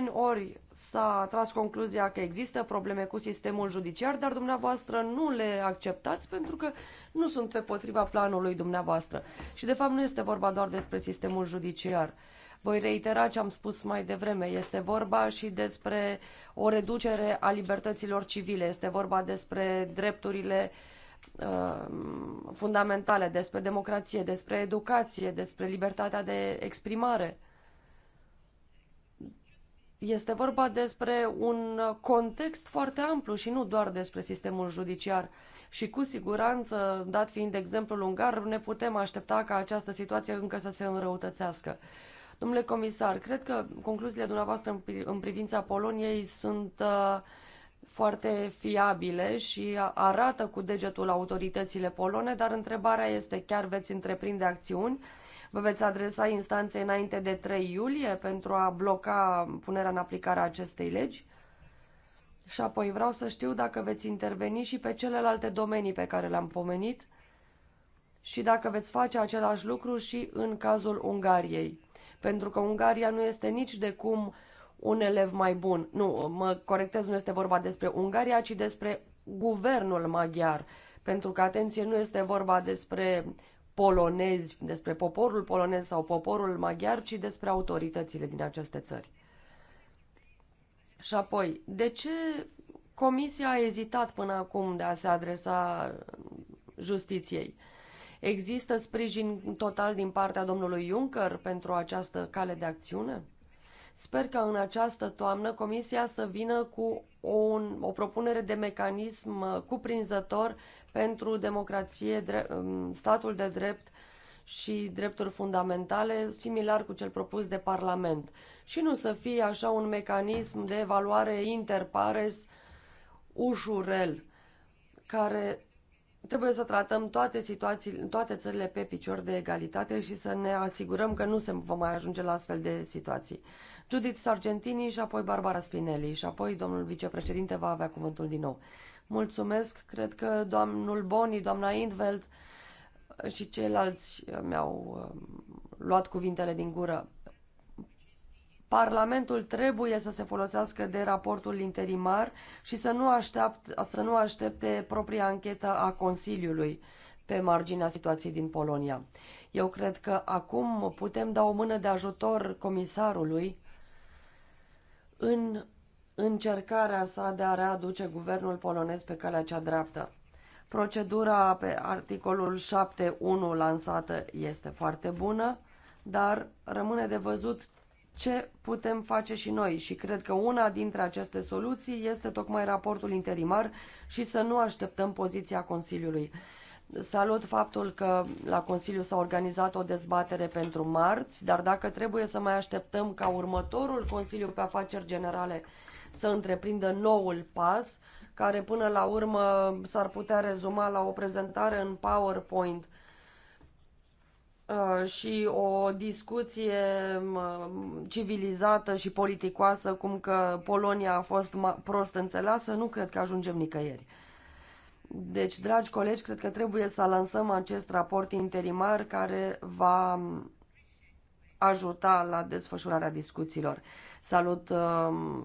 Speaker 3: N ori s-a tras concluzia că există probleme cu sistemul judiciar, dar dumneavoastră nu le acceptați pentru că nu sunt pe potriva planului dumneavoastră. Și de fapt nu este vorba doar despre sistemul judiciar. Uh, voi reitera ce am spus mai devreme. Este vorba și despre o reducere a libertăților civile. Este vorba despre drepturile uh, fundamentale, despre democrație, despre educație, despre libertatea de exprimare. Este vorba despre un context foarte amplu și nu doar despre sistemul judiciar. Și cu siguranță, dat fiind exemplul ungar, ne putem aștepta ca această situație încă să se înrăutățească. Domnule comisar, cred că concluziile dumneavoastră în privința Poloniei sunt uh, foarte fiabile și arată cu degetul autoritățile polone, dar întrebarea este chiar veți întreprinde acțiuni? Vă veți adresa instanței înainte de 3 iulie pentru a bloca punerea în aplicare a acestei legi? Și apoi vreau să știu dacă veți interveni și pe celelalte domenii pe care le-am pomenit și dacă veți face același lucru și în cazul Ungariei pentru că Ungaria nu este nici de cum un elev mai bun. Nu, mă corectez, nu este vorba despre Ungaria, ci despre guvernul maghiar. Pentru că, atenție, nu este vorba despre polonezi, despre poporul polonez sau poporul maghiar, ci despre autoritățile din aceste țări. Și apoi, de ce Comisia a ezitat până acum de a se adresa justiției? Uh, Există sprijin total din partea domnului Juncker pentru această cale de acțiune? Sper ca în această toamnă Comisia să vină cu un, o propunere de mecanism uh, cuprinzător pentru democrație, dre, um, statul de drept și drepturi fundamentale, similar cu cel propus de Parlament. Și nu să fie așa un mecanism de evaluare interpares ușurel, care Trebuie să tratăm toate situațiile, toate țările pe picior de egalitate și să ne asigurăm că nu se va mai ajunge la astfel de situații. Judith Sargentini și apoi Barbara Spinelli și apoi domnul vicepreședinte va avea cuvântul din nou. Mulțumesc, cred că domnul Boni, doamna Indveld și ceilalți mi-au um, luat cuvintele din gură. Parlamentul trebuie să se folosească de raportul interimar și să nu, așteapt, să nu aștepte propria anchetă a Consiliului pe marginea situației din Polonia. Eu cred că acum putem da o mână de ajutor comisarului în încercarea sa de a readuce guvernul polonez pe calea cea dreaptă. Procedura pe articolul 7.1 lansată este foarte bună, dar rămâne de văzut ce putem face și noi și cred că una dintre aceste soluții este tocmai raportul interimar și să nu așteptăm poziția Consiliului. Salut faptul că la Consiliu s-a organizat o dezbatere pentru marți, dar dacă trebuie să mai așteptăm ca următorul Consiliu pe afaceri generale să întreprindă noul pas, care până la urmă s-ar putea rezuma la o prezentare în PowerPoint Uh, și o discuție um, civilizată și politicoasă, cum că Polonia a fost prost înțeleasă, nu cred că ajungem nicăieri. Deci, dragi colegi, cred că trebuie să lansăm acest raport interimar care va um, ajuta la desfășurarea discuțiilor. Salut uh,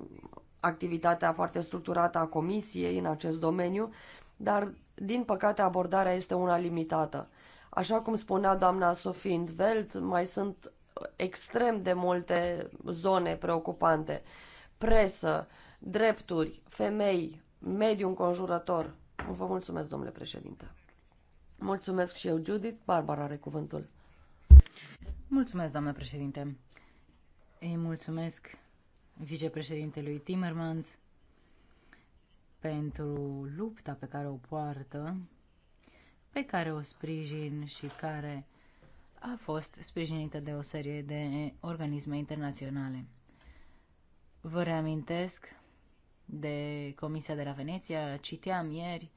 Speaker 3: activitatea foarte structurată a Comisiei în acest domeniu, dar, din păcate, abordarea este una limitată. Așa cum spunea doamna Sofind Veld, mai sunt extrem de multe zone preocupante. Presă, drepturi, femei, mediu înconjurător. Vă mulțumesc, domnule președinte. Mulțumesc și eu, Judith. Barbara are cuvântul.
Speaker 4: Mulțumesc, doamnă președinte. Îi mulțumesc vicepreședintelui Timmermans pentru lupta pe care o poartă pe care o sprijin și care a fost sprijinită de o serie de organisme internaționale. Vă reamintesc de Comisia de la Veneția, citeam ieri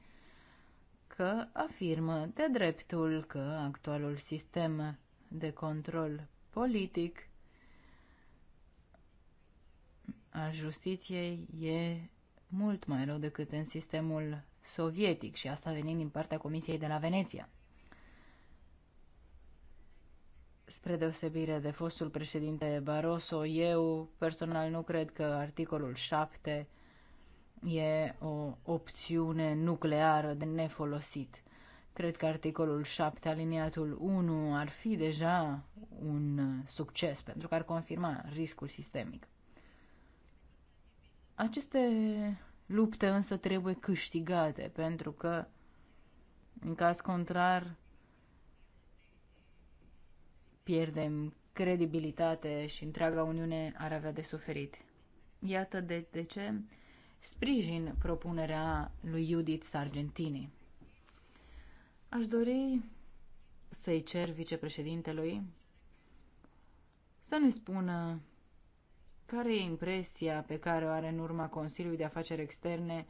Speaker 4: că afirmă de dreptul că actualul sistem de control politic al justiției e mult mai rău decât în sistemul sovietic și asta venind din partea Comisiei de la Veneția. Spre deosebire de fostul președinte Barroso, eu personal nu cred că articolul 7 e o opțiune nucleară de nefolosit. Cred că articolul 7, aliniatul 1, ar fi deja un succes pentru că ar confirma riscul sistemic. Aceste Lupte însă trebuie câștigate, pentru că, în caz contrar, pierdem credibilitate și întreaga Uniune ar avea de suferit. Iată de, de ce sprijin propunerea lui Judith Sargentini. Aș dori să-i cer vicepreședintelui să ne spună care e impresia pe care o are în urma Consiliului de Afaceri Externe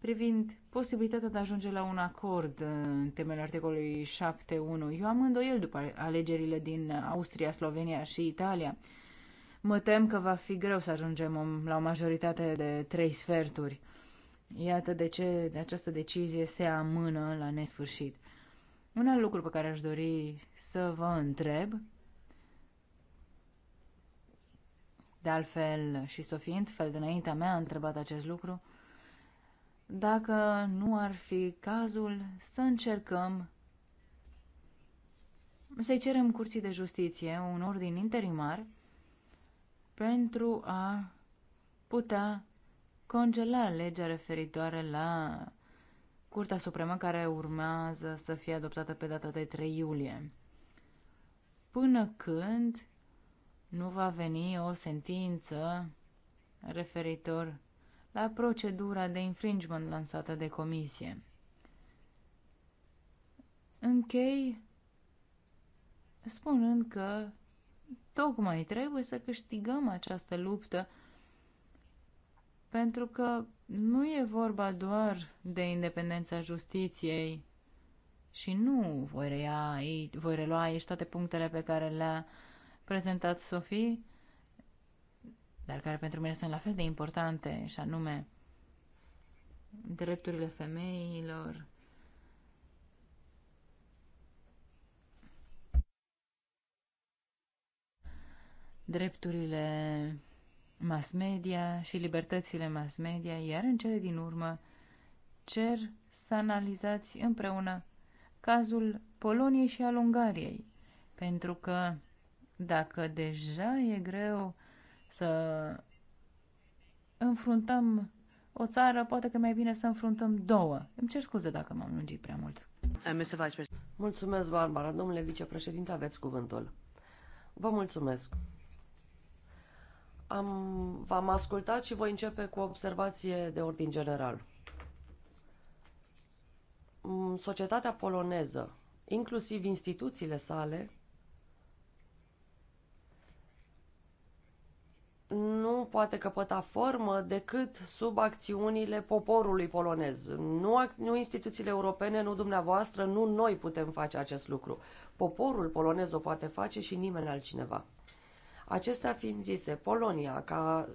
Speaker 4: privind posibilitatea de a ajunge la un acord uh, în temele articolului 7.1? Eu am îndoiel după alegerile din Austria, Slovenia și Italia. Mă tem că va fi greu să ajungem la o majoritate de trei sferturi. Iată de ce de această decizie se amână la nesfârșit. Un alt lucru pe care aș dori să vă întreb De altfel, și Sofie fel înaintea mea, a întrebat acest lucru, dacă nu ar fi cazul să încercăm să-i cerem curții de justiție un ordin interimar pentru a putea congela legea referitoare la Curtea Supremă care urmează să fie adoptată pe data de 3 iulie. Până când nu va veni o sentință referitor la procedura de infringement lansată de comisie. Închei spunând că tocmai trebuie să câștigăm această luptă pentru că nu e vorba doar de independența justiției și nu voi, rea, voi relua aici toate punctele pe care le-a prezentat Sofie, dar care pentru mine sunt la fel de importante, și anume drepturile femeilor, drepturile mass media și libertățile mass media, iar în cele din urmă cer să analizați împreună cazul Poloniei și al Ungariei, pentru că dacă deja e greu să înfruntăm o țară, poate că mai bine să înfruntăm două. Îmi cer scuze dacă m-am lungit prea mult.
Speaker 3: Uh, mulțumesc, Barbara. Domnule vicepreședinte, aveți cuvântul. Vă mulțumesc. Am, v-am ascultat și voi începe cu o observație de ordin general. Mm, societatea poloneză, inclusiv instituțiile sale, nu poate căpăta formă decât sub acțiunile poporului polonez. Nu, nu instituțiile europene, nu dumneavoastră, nu noi putem face acest lucru. Poporul polonez o poate face și nimeni altcineva. Acestea fiind zise, Polonia, ca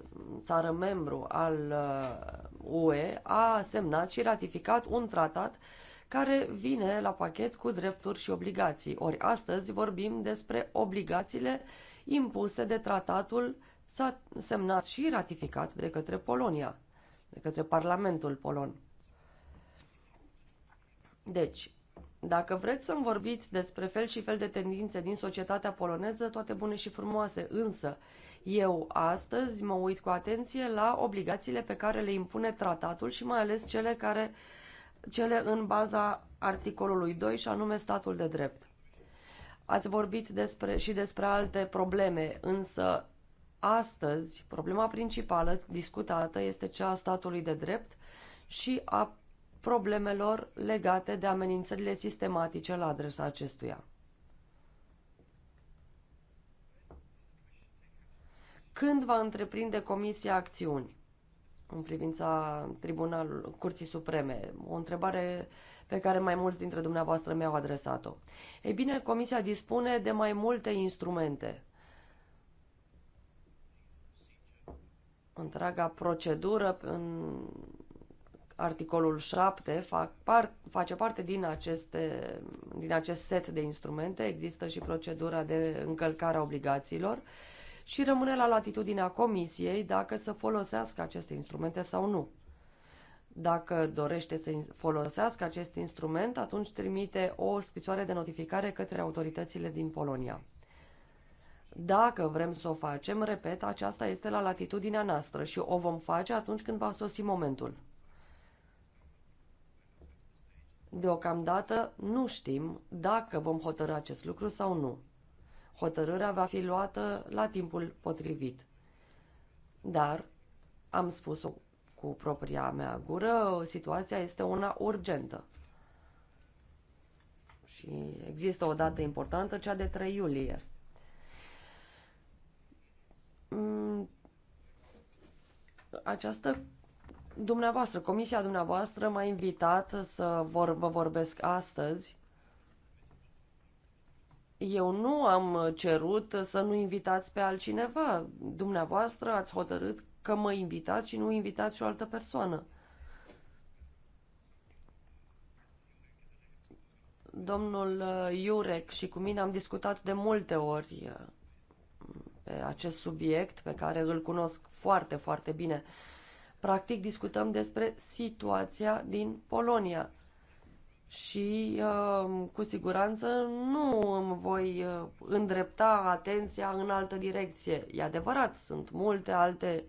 Speaker 3: țară membru al UE, uh, a semnat și ratificat un tratat care vine la pachet cu drepturi și obligații. Ori astăzi vorbim despre obligațiile impuse de tratatul s-a semnat și ratificat de către Polonia, de către Parlamentul Polon. Deci, dacă vreți să-mi vorbiți despre fel și fel de tendințe din societatea poloneză, toate bune și frumoase, însă eu astăzi mă uit cu atenție la obligațiile pe care le impune tratatul și mai ales cele, care, cele în baza articolului 2 și anume statul de drept. Ați vorbit despre, și despre alte probleme, însă Astăzi, problema principală discutată este cea a statului de drept și a problemelor legate de amenințările sistematice la adresa acestuia. Când va întreprinde Comisia acțiuni în privința tribunalului, Curții Supreme? O întrebare pe care mai mulți dintre dumneavoastră mi-au adresat-o. Ei bine, Comisia dispune de mai multe instrumente întreaga procedură în articolul 7 fac par, face parte din, aceste, din acest set de instrumente. Există și procedura de încălcare a obligațiilor și rămâne la latitudinea comisiei dacă să folosească aceste instrumente sau nu. Dacă dorește să folosească acest instrument, atunci trimite o scrisoare de notificare către autoritățile din Polonia. Dacă vrem să o facem, repet, aceasta este la latitudinea noastră și o vom face atunci când va sosi momentul. Deocamdată nu știm dacă vom hotărâ acest lucru sau nu. Hotărârea va fi luată la timpul potrivit. Dar, am spus-o cu propria mea gură, situația este una urgentă. Și există o dată importantă, cea de 3 iulie. Această dumneavoastră, comisia dumneavoastră m-a invitat să vor, vă vorbesc astăzi. Eu nu am cerut să nu invitați pe altcineva. Dumneavoastră ați hotărât că mă invitați și nu invitați și o altă persoană. Domnul Iurec și cu mine am discutat de multe ori pe acest subiect pe care îl cunosc foarte, foarte bine. Practic discutăm despre situația din Polonia și uh, cu siguranță nu îmi voi uh, îndrepta atenția în altă direcție. E adevărat, sunt multe alte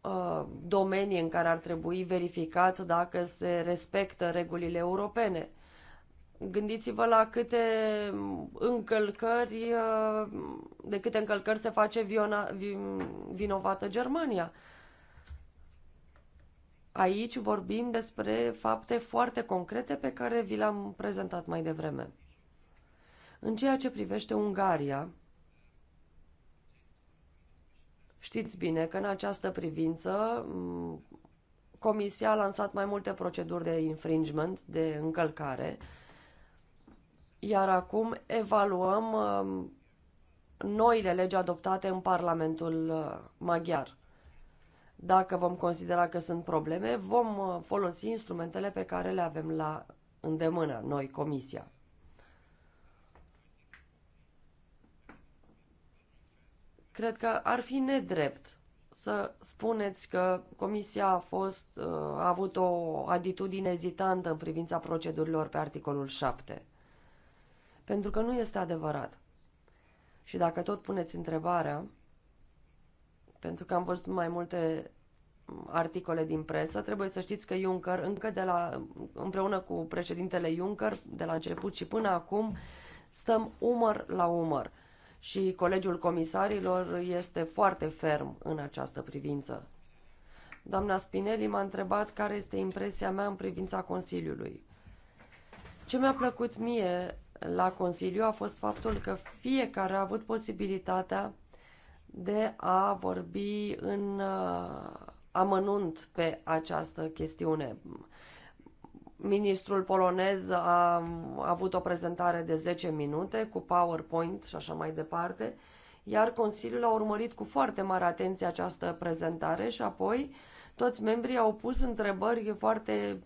Speaker 3: uh, domenii în care ar trebui verificat dacă se respectă regulile europene. Gândiți-vă la câte încălcări, uh, de câte încălcări se face viona, vinovată Germania. Aici vorbim despre fapte foarte concrete pe care vi le-am prezentat mai devreme. În ceea ce privește Ungaria, știți bine că în această privință mm, Comisia a lansat mai multe proceduri de infringement, de încălcare, iar acum evaluăm um, noile legi adoptate în Parlamentul uh, maghiar. Dacă vom considera că sunt probleme, vom uh, folosi instrumentele pe care le avem la îndemână, noi, Comisia. Cred că ar fi nedrept să spuneți că Comisia a, fost, uh, a avut o atitudine ezitantă în privința procedurilor pe articolul 7 pentru că nu este adevărat. Și dacă tot puneți întrebarea, pentru că am văzut mai multe articole din presă, trebuie să știți că Juncker, încă de la, împreună cu președintele Juncker, de la început și până acum, stăm umăr la umăr. Și Colegiul Comisarilor este foarte ferm în această privință. Doamna Spinelli m-a întrebat care este impresia mea în privința Consiliului. Ce mi-a plăcut mie la Consiliu a fost faptul că fiecare a avut posibilitatea de a vorbi în uh, amănunt pe această chestiune. Ministrul polonez a avut o prezentare de 10 minute cu PowerPoint și așa mai departe, iar Consiliul a urmărit cu foarte mare atenție această prezentare și apoi toți membrii au pus întrebări foarte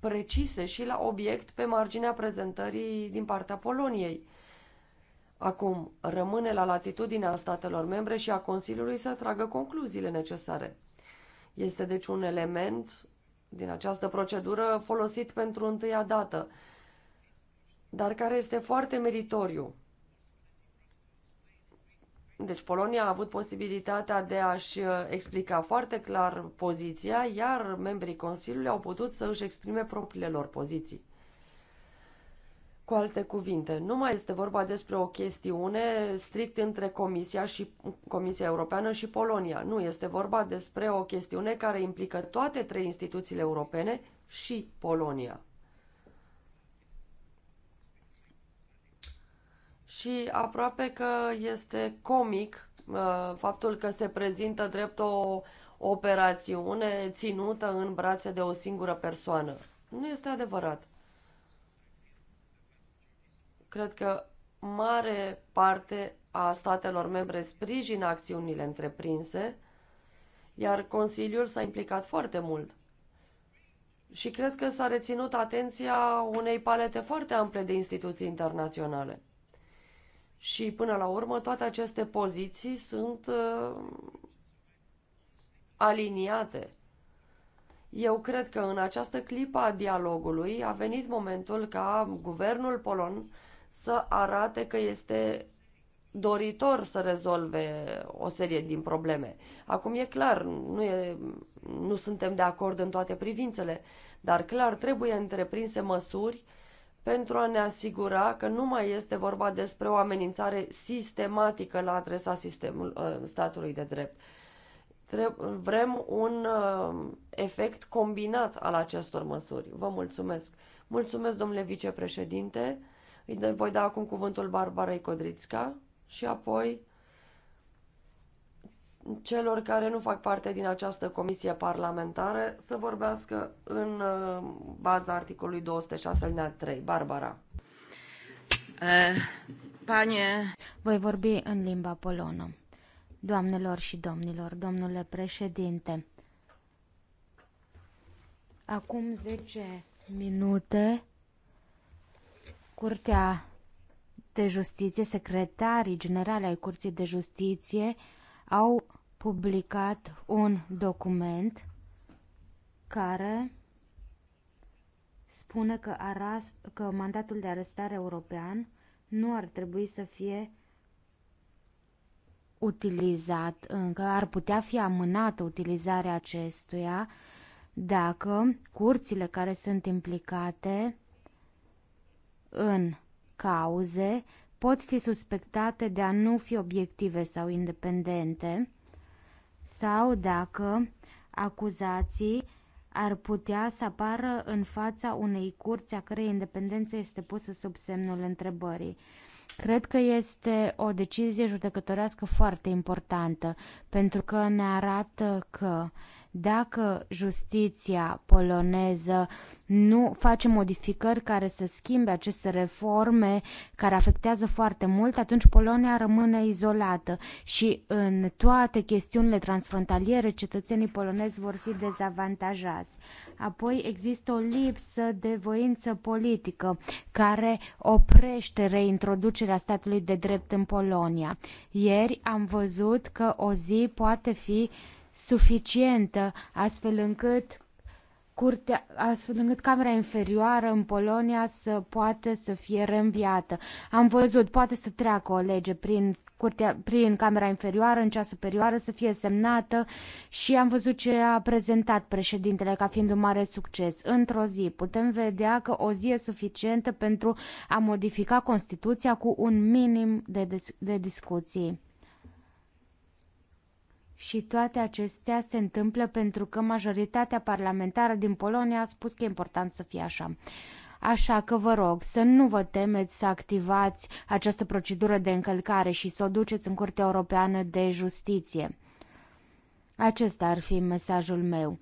Speaker 3: precise și la obiect pe marginea prezentării din partea Poloniei. Acum, rămâne la latitudinea statelor membre și a Consiliului să tragă concluziile necesare. Este deci un element din această procedură folosit pentru întâia dată, dar care este foarte meritoriu deci Polonia a avut posibilitatea de a-și uh, explica foarte clar poziția, iar membrii Consiliului au putut să își exprime propriile lor poziții. Cu alte cuvinte, nu mai este vorba despre o chestiune strict între Comisia, și, Comisia Europeană și Polonia. Nu, este vorba despre o chestiune care implică toate trei instituțiile europene și Polonia. și aproape că este comic uh, faptul că se prezintă drept o operațiune ținută în brațe de o singură persoană. Nu este adevărat. Cred că mare parte a statelor membre sprijină acțiunile întreprinse, iar Consiliul s-a implicat foarte mult. Și cred că s-a reținut atenția unei palete foarte ample de instituții internaționale. Și până la urmă, toate aceste poziții sunt uh, aliniate. Eu cred că în această clipă a dialogului a venit momentul ca guvernul polon să arate că este doritor să rezolve o serie din probleme. Acum e clar, nu, e, nu suntem de acord în toate privințele, dar clar trebuie întreprinse măsuri uh, pentru a ne asigura că nu mai este vorba despre o amenințare sistematică la adresa sistemul, uh, statului de drept. Vrem un uh, efect combinat al acestor măsuri. Vă mulțumesc. Mulțumesc, domnule vicepreședinte. Îi voi da acum cuvântul Barbarei Codrițca și apoi celor care nu fac parte din această comisie parlamentară să vorbească în uh, baza articolului 206 alineat 3. Barbara. Uh, panie. Voi vorbi în limba polonă.
Speaker 2: Doamnelor și domnilor, domnule președinte, acum 10 minute, Curtea de Justiție, secretarii generale ai Curții de Justiție, au publicat un document care spune că, aras, că mandatul de arestare european nu ar trebui să fie utilizat, încă ar putea fi amânată utilizarea acestuia dacă curțile care sunt implicate în cauze pot fi suspectate de a nu fi obiective sau independente sau dacă acuzații ar putea să apară în fața unei curți a cărei independență este pusă sub semnul întrebării. Cred că este o decizie judecătorească foarte importantă, pentru că ne arată că uh, dacă justiția poloneză nu face modificări care să schimbe aceste reforme care afectează foarte mult, atunci Polonia rămâne izolată și în toate chestiunile transfrontaliere cetățenii polonezi vor fi dezavantajați. Apoi există o lipsă de voință politică care oprește reintroducerea statului de drept în Polonia. Ieri am văzut că o zi poate fi uh, suficientă, astfel încât curtea, astfel încât Camera Inferioară în Polonia să poată să fie reînviată. Am văzut, poate să treacă o lege prin, curtea, prin Camera Inferioară, în cea superioară, să fie semnată și am văzut ce a prezentat președintele ca fiind un mare succes. Într-o zi putem vedea că o zi e suficientă pentru a modifica Constituția cu un minim de, dis- de discuții. Și toate acestea se întâmplă pentru că majoritatea parlamentară din Polonia a spus că e important să fie așa. Așa că vă rog să nu vă temeți să activați această procedură de încălcare și să o duceți în Curtea Europeană de Justiție. Acesta ar fi mesajul meu.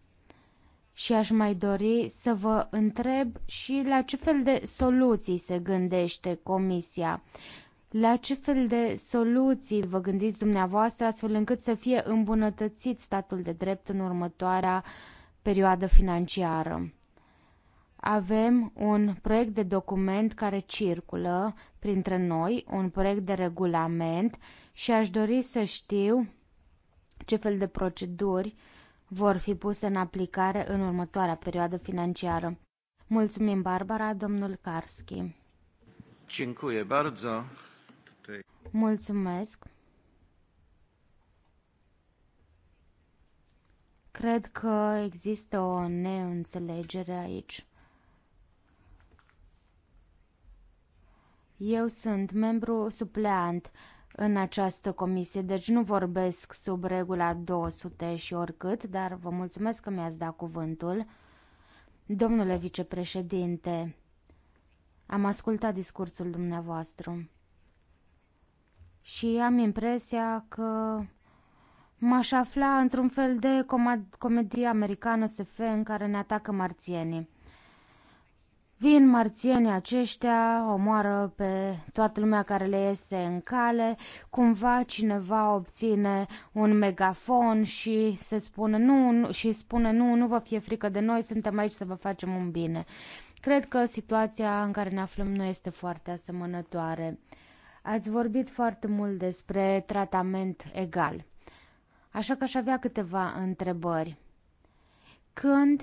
Speaker 2: Și aș mai dori să vă întreb și la ce fel de soluții se gândește Comisia la ce fel de soluții vă gândiți dumneavoastră astfel încât să fie îmbunătățit statul de drept în următoarea perioadă financiară? Avem un proiect de document care circulă printre noi, un proiect de regulament și aș dori să știu ce fel de proceduri vor fi puse în aplicare în următoarea perioadă financiară. Mulțumim, Barbara, domnul Karski. Dziękuję bardzo. Mulțumesc. Cred că există o neînțelegere aici. Eu sunt membru supleant în această comisie, deci nu vorbesc sub regula 200 și oricât, dar vă mulțumesc că mi-ați dat cuvântul. Domnule vicepreședinte, am ascultat discursul dumneavoastră și am impresia că m-aș afla într-un fel de comedie americană SF în care ne atacă marțienii. Vin marțienii aceștia, omoară pe toată lumea care le iese în cale, cumva cineva obține un megafon și se spune nu, nu și spune nu, nu vă fie frică de noi, suntem aici să vă facem un bine. Cred că situația în care ne aflăm noi este foarte asemănătoare. Ați vorbit foarte mult despre tratament egal, așa că aș avea câteva întrebări. Când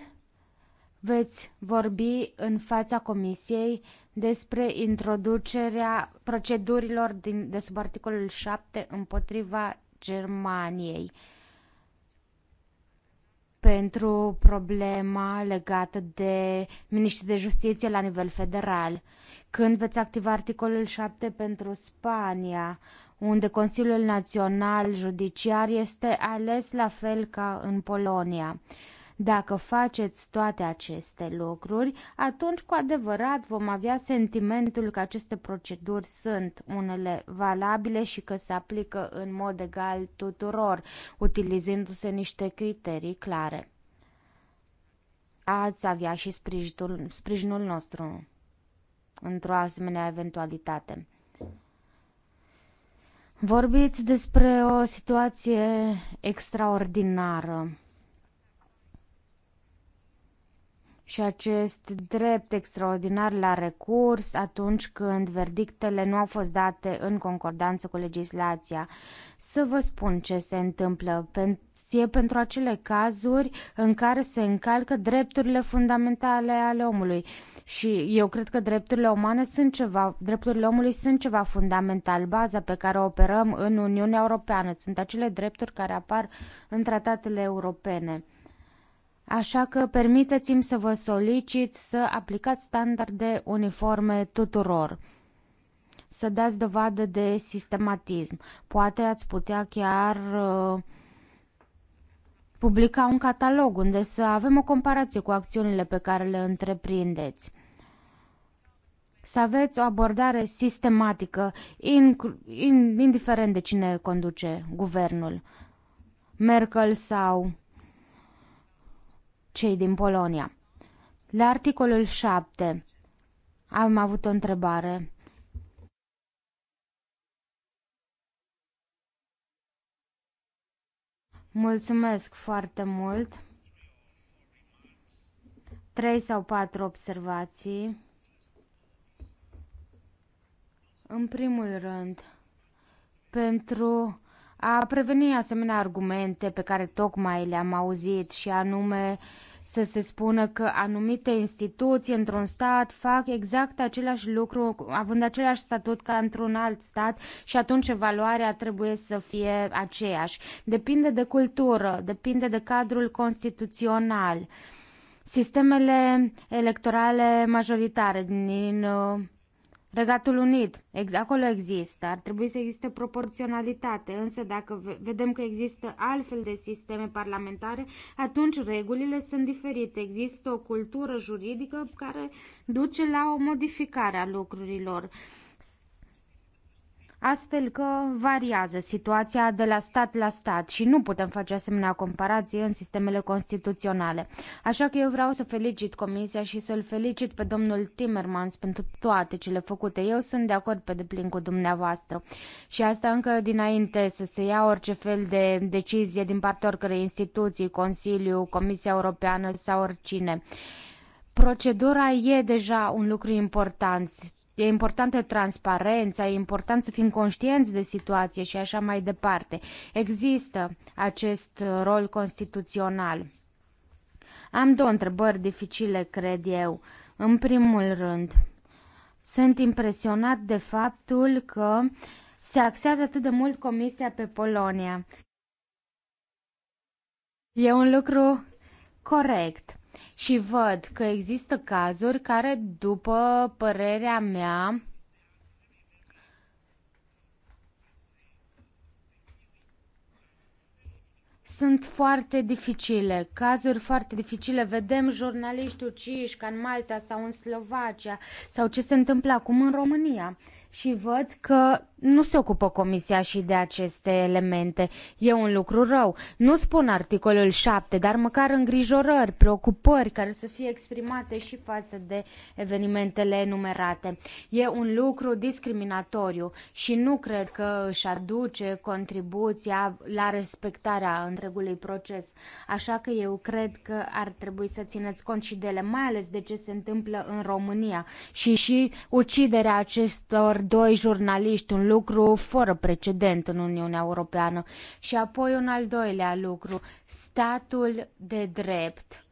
Speaker 2: veți vorbi în fața Comisiei despre introducerea procedurilor din, de sub articolul 7 împotriva Germaniei pentru problema legată de miniștri de justiție la nivel federal. Când veți activa articolul 7 pentru Spania, unde Consiliul Național Judiciar este ales la fel ca în Polonia? Dacă faceți toate aceste lucruri, atunci cu adevărat vom avea sentimentul că aceste proceduri sunt unele valabile și că se aplică în mod egal tuturor, utilizându-se niște criterii clare. Ați avea și sprijinul, sprijinul nostru într-o asemenea eventualitate. Vorbiți despre o situație extraordinară și acest drept extraordinar la recurs atunci când verdictele nu au fost date în concordanță cu legislația. Să vă spun ce se întâmplă. pentru protecție pentru acele cazuri în care se încalcă drepturile fundamentale ale omului. Și eu cred că drepturile umane sunt ceva, drepturile omului sunt ceva fundamental, baza pe care o operăm în Uniunea Europeană. Sunt acele drepturi care apar în tratatele europene. Așa că permiteți-mi să vă solicit să aplicați standarde uniforme tuturor să dați dovadă de sistematism. Poate ați putea chiar uh, publica un catalog unde să avem o comparație cu acțiunile pe care le întreprindeți. Să aveți o abordare sistematică, indiferent de cine conduce guvernul, Merkel sau cei din Polonia. La articolul 7 am avut o întrebare. Mulțumesc foarte mult! Trei sau patru observații. În primul rând, pentru a preveni asemenea argumente pe care tocmai le-am auzit și anume să se spună că anumite instituții într-un stat fac exact același lucru, având același statut ca într-un alt stat și atunci evaluarea trebuie să fie aceeași. Depinde de cultură, depinde de cadrul constituțional. Sistemele electorale majoritare din uh, Regatul Unit, ex- acolo există, ar trebui să existe proporționalitate, însă dacă vedem că există altfel de sisteme parlamentare, atunci regulile sunt diferite. Există o cultură juridică care duce la o modificare a lucrurilor. Uh, astfel că variază situația de la stat la stat și nu putem face asemenea comparații în sistemele constituționale. Așa că eu vreau să felicit Comisia și să-l felicit pe domnul Timmermans pentru toate cele făcute. Eu sunt de acord pe deplin cu dumneavoastră și asta încă dinainte să se ia orice fel de decizie din partea oricărei instituții, Consiliu, Comisia Europeană sau oricine. Procedura e deja un lucru important E importantă transparența, e important să fim conștienți de situație și așa mai departe. Există acest rol constituțional. Am două întrebări dificile, cred eu. În primul rând, sunt impresionat de faptul că se axează atât de mult Comisia pe Polonia. E un lucru corect și văd că există cazuri care, după părerea mea, sunt foarte dificile, cazuri foarte dificile. Vedem jurnaliști uciși ca în Malta sau în Slovacia sau ce se întâmplă acum în România și văd că nu se ocupă comisia și de aceste elemente. E un lucru rău. Nu spun articolul 7, dar măcar îngrijorări, preocupări care să fie exprimate și față de evenimentele enumerate. E un lucru discriminatoriu și nu cred că își aduce contribuția la respectarea întregului proces. Așa că eu cred că ar trebui să țineți cont și de ele, mai ales de ce se întâmplă în România și și uciderea acestor doi jurnaliști, un lucru lucru fără precedent în Uniunea Europeană. Și apoi un al doilea lucru, statul de drept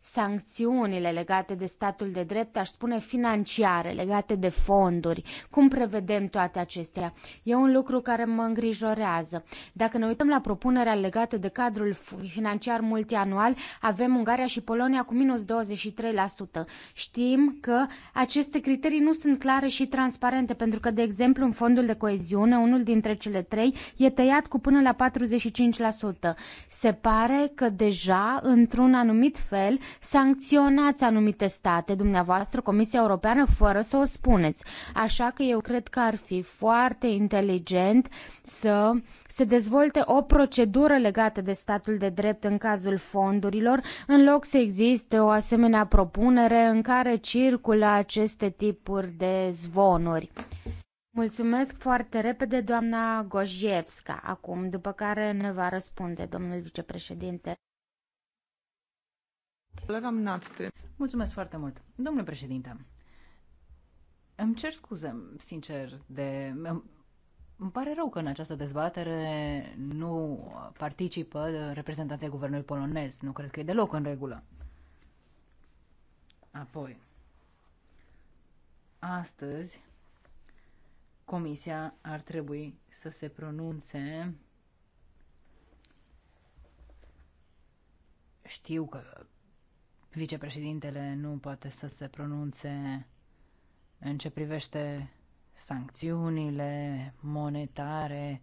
Speaker 2: sancțiunile legate de statul de drept, aș spune financiare, legate de fonduri. Cum prevedem toate acestea? E un lucru care mă îngrijorează. Dacă ne uităm la propunerea legată de cadrul financiar multianual, avem Ungaria și Polonia cu minus 23%. Știm că aceste criterii nu sunt clare și transparente, pentru că, de exemplu, în fondul de coeziune, unul dintre cele trei, e tăiat cu până la 45%. Se pare că deja, într-un anumit fel, sancționați anumite state, dumneavoastră, Comisia Europeană, fără să o spuneți. Așa că eu cred că ar fi foarte inteligent să se dezvolte o procedură legată de statul de drept în cazul fondurilor, în loc să existe o asemenea propunere în care circulă aceste tipuri de zvonuri. Mulțumesc foarte repede, doamna Gojevska, acum, după care ne va răspunde domnul vicepreședinte.
Speaker 4: Mulțumesc foarte mult. Domnule președinte,
Speaker 2: îmi cer scuze,
Speaker 4: sincer, de... Îmi pare rău că în această dezbatere nu participă reprezentanția guvernului polonez. Nu cred că e deloc în regulă. Apoi, astăzi, comisia ar trebui să se pronunțe știu că vicepreședintele nu poate să se pronunțe în ce privește sancțiunile monetare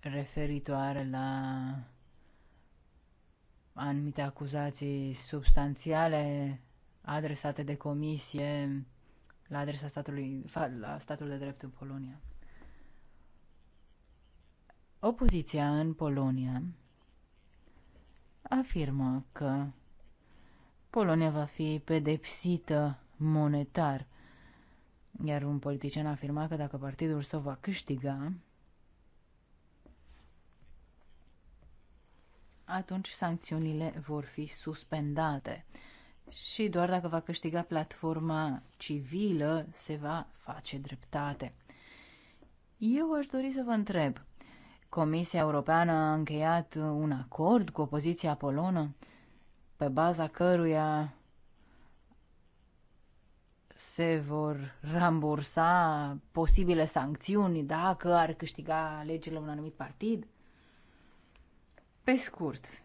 Speaker 4: referitoare la anumite acuzații substanțiale adresate de comisie la adresa statului, la statul de drept în Polonia. Opoziția în Polonia afirmă că Polonia va fi pedepsită monetar. Iar un politician afirma că dacă partidul său va câștiga, atunci sancțiunile vor fi suspendate. Și doar dacă va câștiga platforma civilă, se va face dreptate. Eu aș dori să vă întreb, Comisia Europeană a încheiat un acord cu opoziția polonă? pe baza căruia se vor rambursa posibile sancțiuni dacă ar câștiga legile un anumit partid? Pe scurt,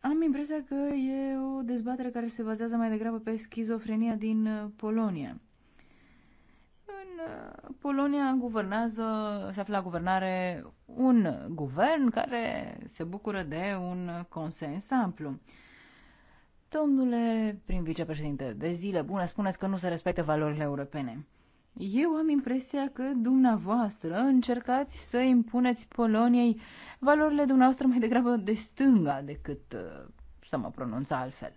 Speaker 4: am impresia că e o dezbatere care se bazează mai degrabă pe schizofrenia din Polonia. În uh, Polonia guvernează, se află la guvernare un guvern care se bucură de un consens amplu. Domnule prim vicepreședinte, de zile bune spuneți că nu se respectă valorile europene. Eu am impresia că dumneavoastră încercați să impuneți Poloniei valorile dumneavoastră mai degrabă de stânga decât uh, să mă pronunța altfel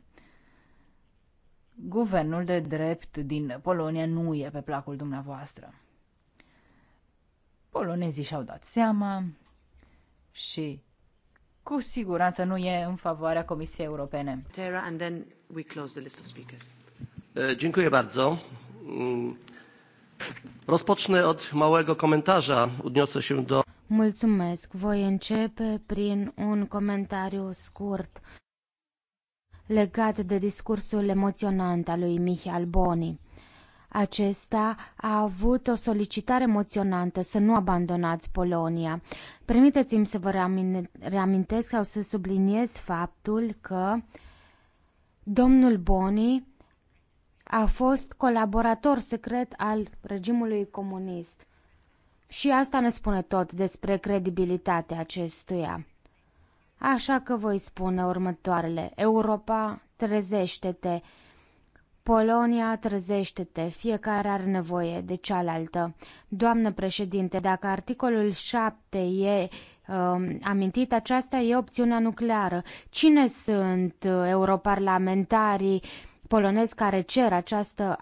Speaker 4: guvernul de drept din Polonia nu e pe placul dumneavoastră. Polonezii și-au dat seama și cu siguranță nu e în favoarea Comisiei Europene. Tara, and then
Speaker 2: we close the list of speakers.
Speaker 3: Dziękuję bardzo. Mm, rozpocznę od małego komentarza. Odniosę się do...
Speaker 2: Mulțumesc. Voi începe prin un comentariu scurt legat de discursul emoționant al lui Michal Boni. Acesta a avut o solicitare emoționantă să nu abandonați Polonia. Permiteți-mi să vă reamintesc sau să subliniez faptul că domnul Boni a fost colaborator secret al regimului comunist. Și asta ne spune tot despre credibilitatea acestuia. Așa că voi spune următoarele. Europa, trezește-te! Polonia, trezește-te, fiecare are nevoie de cealaltă. Doamnă președinte, dacă articolul 7 e um, amintit, aceasta e opțiunea nucleară. Cine sunt uh, europarlamentarii polonez care cer această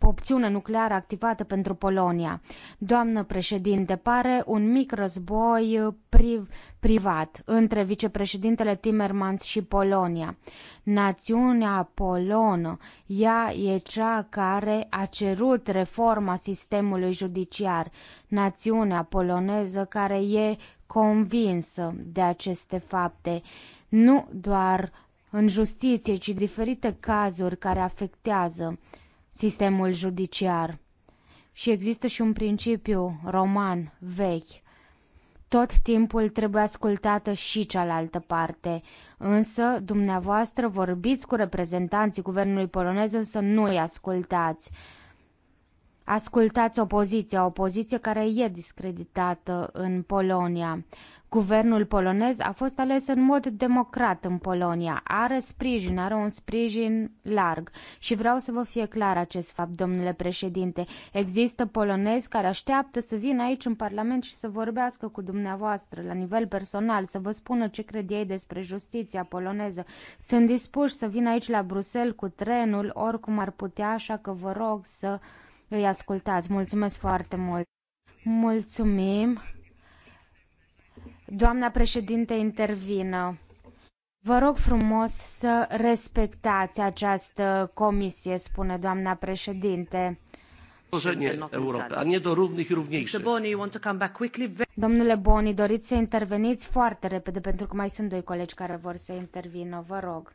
Speaker 2: opțiune nucleară activată pentru Polonia. Doamnă președinte, pare un mic război uh, priv privat între vicepreședintele Timmermans și Polonia. Națiunea polonă, ea e cea care a cerut reforma sistemului judiciar. Națiunea poloneză care e convinsă de aceste fapte. Nu doar în justiție, ci diferite cazuri care afectează sistemul judiciar. Și există și un principiu roman vechi. Tot timpul trebuie ascultată și cealaltă parte, însă dumneavoastră vorbiți cu reprezentanții guvernului polonez, însă nu îi ascultați. Ascultați opoziția, opoziție care e discreditată în Polonia. Guvernul polonez a fost ales în mod democrat în Polonia, are sprijin, are un sprijin larg și vreau să vă fie clar acest fapt, domnule președinte. Există polonezi care așteaptă să vină aici în Parlament și să vorbească cu dumneavoastră la nivel personal, să vă spună ce cred ei despre justiția poloneză. Sunt dispuși să vină aici la Bruxelles cu trenul, oricum ar putea, așa că vă rog să îi ascultați. Mulțumesc foarte mult! Mulțumim! Doamna președinte intervină. Vă rog frumos să respectați această comisie, spune doamna președinte. Domnule Boni, doriți să interveniți foarte repede, pentru că mai sunt doi colegi care vor să intervină, vă rog.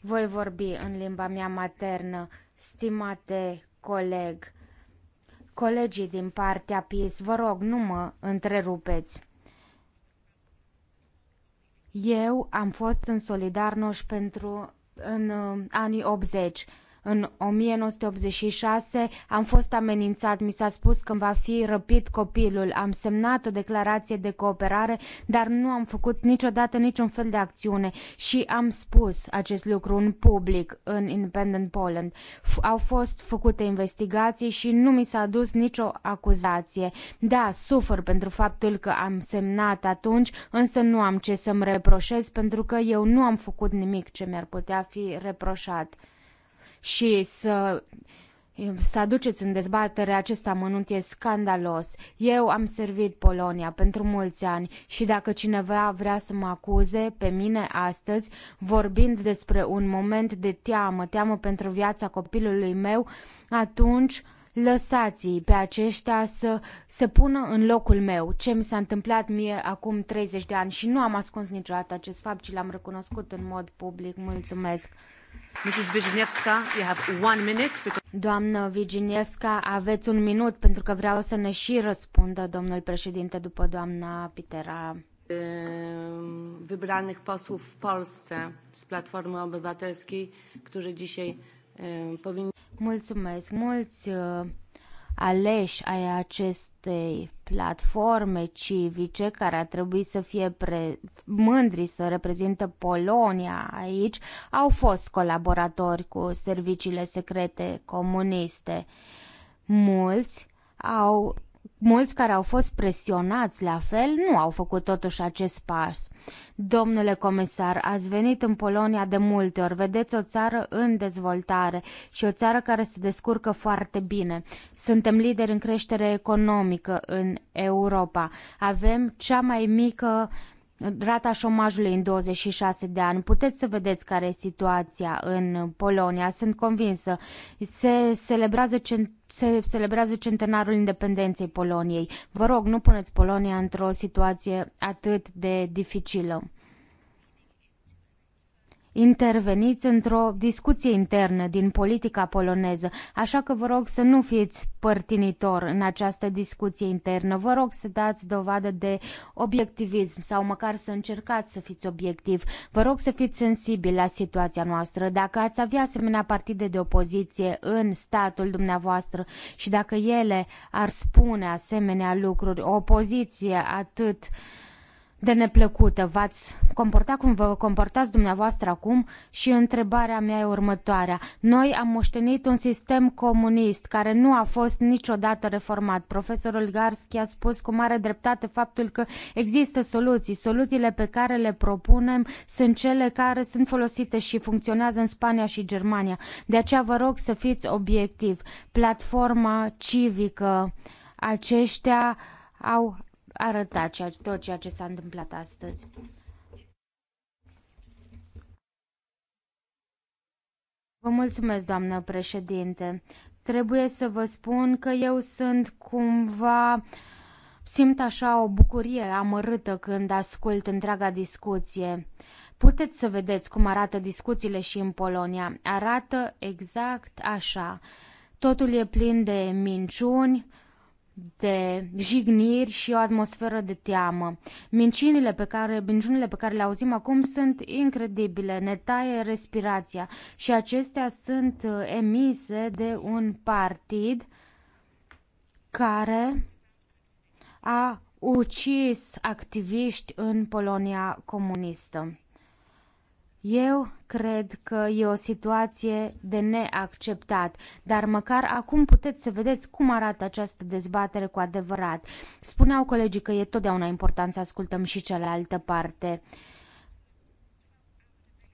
Speaker 2: Voi vorbi în limba mea maternă, stimate coleg. Colegii din partea PIS, vă rog, nu mă întrerupeți. Eu am fost în Solidarność pentru în ă, anii 80 în 1986 am fost amenințat, mi s-a spus că va fi răpit copilul. Am semnat o declarație de cooperare, dar nu am făcut niciodată niciun fel de acțiune și am spus acest lucru în public, în Independent Poland. F au fost făcute investigații și nu mi s-a adus nicio acuzație. Da, sufăr pentru faptul că am semnat atunci, însă nu am ce să-mi reproșez pentru că eu nu am făcut nimic ce mi-ar putea fi reproșat și să să aduceți în dezbatere acest amănunt e scandalos. Eu am servit Polonia pentru mulți ani și dacă cineva vrea să mă acuze pe mine astăzi, vorbind despre un moment de teamă, teamă pentru viața copilului meu, atunci lăsați-i pe aceștia să se pună în locul meu. Ce mi s-a întâmplat mie acum 30 de ani și nu am ascuns niciodată acest fapt, ci l-am recunoscut în mod public. Mulțumesc! Doamnă Viginievska, aveți un minut pentru că vreau să ne și răspundă domnul președinte după doamna Pitera.
Speaker 3: Wybranych posłów w Polsce z Platformy Obywatelskiej, którzy dzisiaj powinni.
Speaker 2: Mulțumesc. Mulți aleși ai acestei platforme civice care ar trebui să fie pre- mândri să reprezintă Polonia aici au fost colaboratori cu serviciile secrete comuniste. Mulți au mulți care au fost presionați la fel nu au făcut totuși acest pas. Domnule comisar, ați venit în Polonia de multe ori, vedeți o țară în dezvoltare și o țară care se descurcă foarte bine. Suntem lideri în creștere economică în Europa. Avem cea mai mică rata șomajului în 26 de ani. Puteți să vedeți care e situația în Polonia, sunt convinsă. Se celebrează, se celebrează centenarul independenței Poloniei. Vă rog, nu puneți Polonia într-o situație atât de dificilă interveniți într-o discuție internă din politica poloneză, așa că vă rog să nu fiți părtinitor în această discuție internă. Vă rog să dați dovadă de obiectivism sau măcar să încercați să fiți obiectiv. Vă rog să fiți sensibil la situația noastră. Dacă ați avea asemenea partide de opoziție în statul dumneavoastră și dacă ele ar spune asemenea lucruri, o opoziție atât uh, de neplăcută. V-ați comporta cum vă comportați dumneavoastră acum și întrebarea mea e următoarea. Noi am moștenit un sistem comunist care nu a fost niciodată reformat. Profesorul Garski a spus cu mare dreptate faptul că există soluții. Soluțiile pe care le propunem sunt cele care sunt folosite și funcționează în Spania și Germania. De aceea vă rog să fiți obiectiv. Platforma civică aceștia au arăta ceea, tot ceea ce s-a întâmplat astăzi. Vă mulțumesc, doamnă președinte. Trebuie să vă spun că eu sunt cumva... Simt așa o bucurie amărâtă când ascult întreaga discuție. Puteți să vedeți cum arată discuțiile și în Polonia. Arată exact așa. Totul e plin de minciuni, de jigniri și o atmosferă de teamă. Minciunile pe care, minciunile pe care le auzim acum sunt incredibile, ne taie respirația și acestea sunt uh, emise de un partid care a ucis activiști în Polonia comunistă. Eu cred că e o situație de neacceptat, dar măcar acum puteți să vedeți cum arată această dezbatere cu adevărat. Spuneau colegii că e totdeauna important să ascultăm și cealaltă parte. Uh,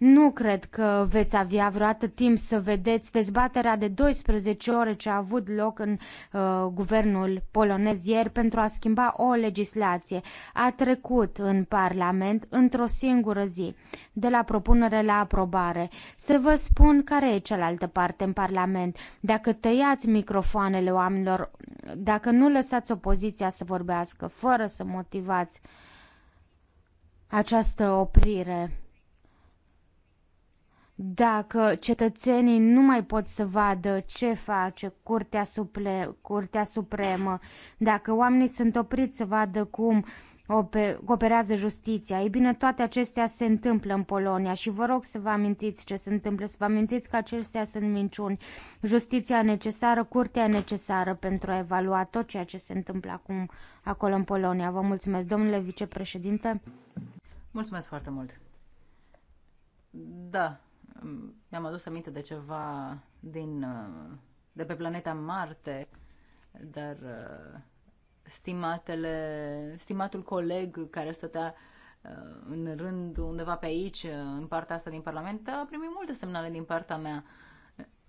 Speaker 2: nu cred că veți avea vreodată timp să vedeți dezbaterea de 12 ore ce a avut loc în uh, guvernul polonez ieri pentru a schimba o legislație. A trecut în Parlament într-o singură zi, de la propunere la aprobare. Să vă spun care e cealaltă parte în Parlament. Dacă tăiați microfoanele oamenilor, dacă nu lăsați opoziția să vorbească, fără să motivați această oprire dacă cetățenii nu mai pot să vadă ce face Curtea, Suple, Curtea Supremă, dacă oamenii sunt opriți să vadă cum operează justiția. Ei bine, toate acestea se întâmplă în Polonia și vă rog să vă amintiți ce se întâmplă, să vă amintiți că acestea sunt minciuni. Justiția necesară, curtea necesară pentru a evalua tot ceea ce se întâmplă acum acolo în Polonia. Vă mulțumesc, domnule vicepreședinte.
Speaker 4: Mulțumesc foarte mult. Da, mi-am adus aminte de ceva din, uh, de pe planeta Marte, dar uh, stimatele, stimatul coleg care stătea uh, în rând undeva pe aici, în partea asta din Parlament, a primit multe semnale din partea mea.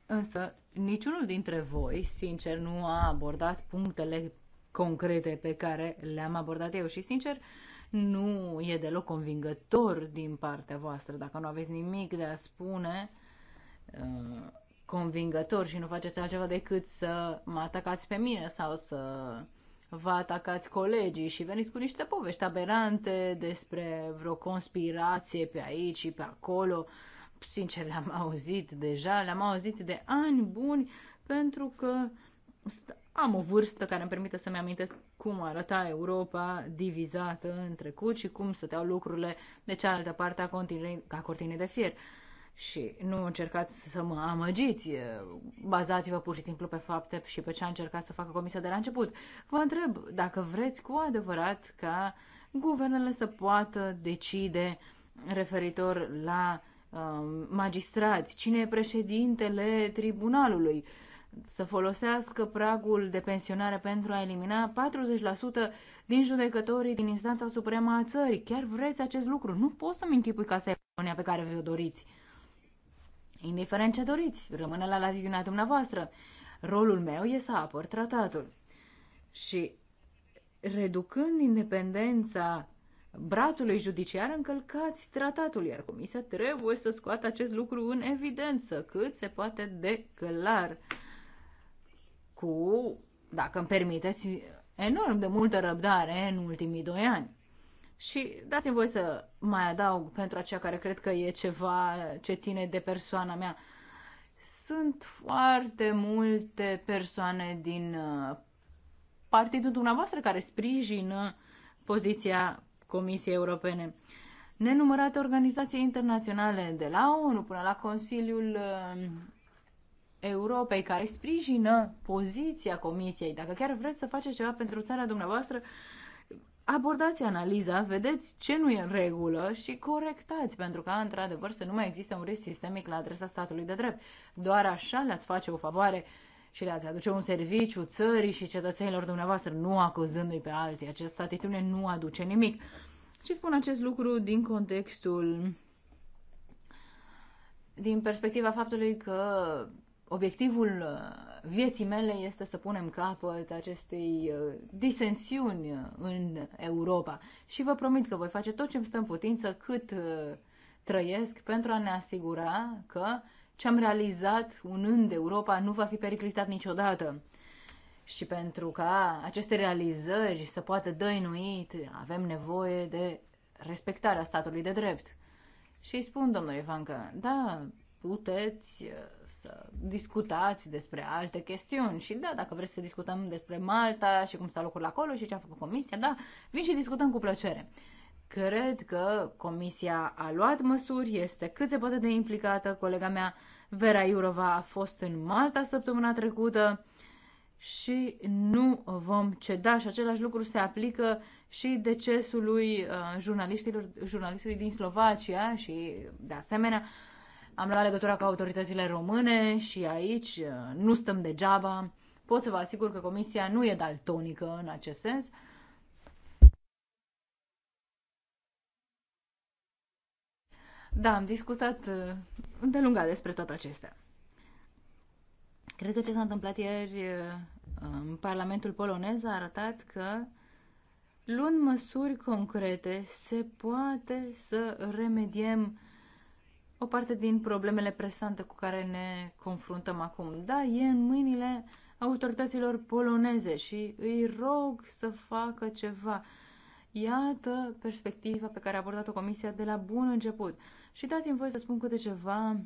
Speaker 4: Însă, niciunul dintre voi, sincer, nu a abordat punctele concrete pe care le-am abordat eu și, sincer, uh, nu e deloc convingător din partea voastră. Dacă nu aveți nimic de a spune uh, convingător și nu faceți altceva decât să mă atacați pe mine sau să vă atacați colegii și veniți cu niște povești aberante despre vreo conspirație pe aici și pe acolo. Sincer, le-am auzit deja, le-am auzit de ani buni pentru că am o vârstă care îmi permite să-mi amintesc cum arăta Europa divizată în trecut și cum stăteau lucrurile de cealaltă parte a continentului, a cortine de fier. Și nu încercați să mă amăgiți, bazați-vă pur și simplu pe fapte și pe ce a încercat să facă Comisia de la început. Vă întreb dacă vreți cu adevărat ca guvernele să poată decide referitor la uh, magistrați, cine e președintele tribunalului, uh, să folosească pragul de pensionare pentru a elimina 40% din judecătorii din instanța supremă a țării. Chiar vreți acest lucru? Nu poți să-mi închipui că asta e România pe care vi-o doriți. Indiferent ce doriți, rămâne la latitudinea dumneavoastră. Rolul meu e să apăr tratatul. Și reducând independența brațului judiciar, încălcați tratatul, iar comisia trebuie să scoată acest lucru în evidență, cât se poate de clar cu, dacă îmi permiteți, enorm de multă răbdare în ultimii doi ani. Și dați-mi voi să mai adaug pentru aceia care cred că e ceva ce ține de persoana mea. Sunt foarte multe persoane din uh, partidul dumneavoastră care sprijină poziția Comisiei Europene. Nenumărate organizații internaționale, de la ONU până la Consiliul uh, Europei care sprijină poziția Comisiei. Dacă chiar vreți să faceți ceva pentru țara dumneavoastră, abordați analiza, vedeți ce nu e în regulă și corectați, pentru că, într-adevăr, să nu mai există un risc sistemic la adresa statului de drept. Doar așa le-ați face o favoare și le-ați aduce un serviciu țării și cetățenilor dumneavoastră, nu acuzându-i pe alții. Această atitudine nu aduce nimic. Și spun acest lucru din contextul din perspectiva faptului că Obiectivul uh, vieții mele este să punem capăt acestei uh, disensiuni uh, în Europa și vă promit că voi face tot ce îmi stă în putință cât trăiesc pentru a ne asigura că ce am realizat unând Europa nu va fi periclitat niciodată. Și pentru ca aceste realizări să poată dăinui, avem nevoie de respectarea statului de drept. Și îi spun, domnule Ivanca, da, puteți să discutați despre alte chestiuni. Și da, dacă vreți să discutăm despre Malta și cum s-a lucrurile acolo și ce a făcut comisia, da, vin și discutăm cu plăcere. Cred că comisia a luat măsuri, este cât se poate de implicată. Colega mea, Vera Iurova, a fost în Malta săptămâna trecută și nu vom ceda și același lucru se aplică și decesului uh, jurnalistului din Slovacia și de asemenea uh, am luat legătura cu autoritățile române și aici uh, nu stăm degeaba. Pot să vă asigur că comisia nu e daltonică în acest sens. Da, am discutat uh, îndelungat despre toate acestea. Cred că ce s-a întâmplat ieri uh, în Parlamentul polonez a arătat că luând măsuri concrete se poate să remediem uh, o parte din problemele presante cu care ne confruntăm acum. Da, e în mâinile autorităților poloneze și îi rog să facă ceva. Iată perspectiva pe care a abordat-o Comisia de la bun început. Și dați-mi voi să spun câte ceva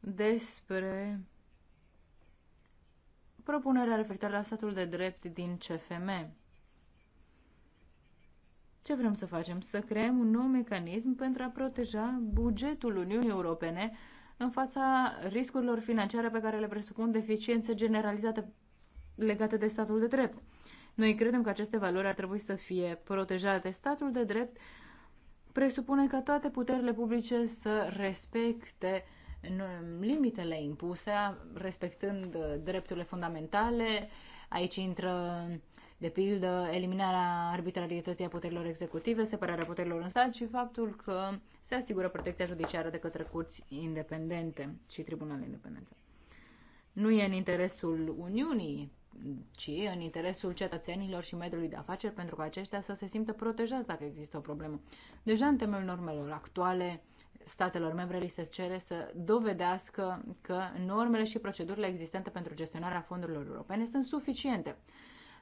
Speaker 4: despre propunerea referitoare la statul de drept din CFM. Ce vrem să facem? Să creăm un nou mecanism pentru a proteja bugetul Uniunii Europene în fața riscurilor financiare pe care le presupun deficiențe generalizate legate de statul de drept. Noi credem că aceste valori ar trebui să fie protejate. Statul de drept presupune că toate puterile publice să respecte limitele impuse, respectând uh, drepturile fundamentale. Aici intră de pildă eliminarea arbitrarietății a puterilor executive, separarea puterilor în stat și faptul că se asigură protecția judiciară de către curți independente și tribunale independente. Nu e în interesul Uniunii, ci în interesul cetățenilor și mediului de afaceri pentru că aceștia să se simtă protejați dacă există o problemă. Deja în temeiul normelor actuale, statelor membre li se cere să dovedească că normele și procedurile existente pentru gestionarea fondurilor europene sunt suficiente.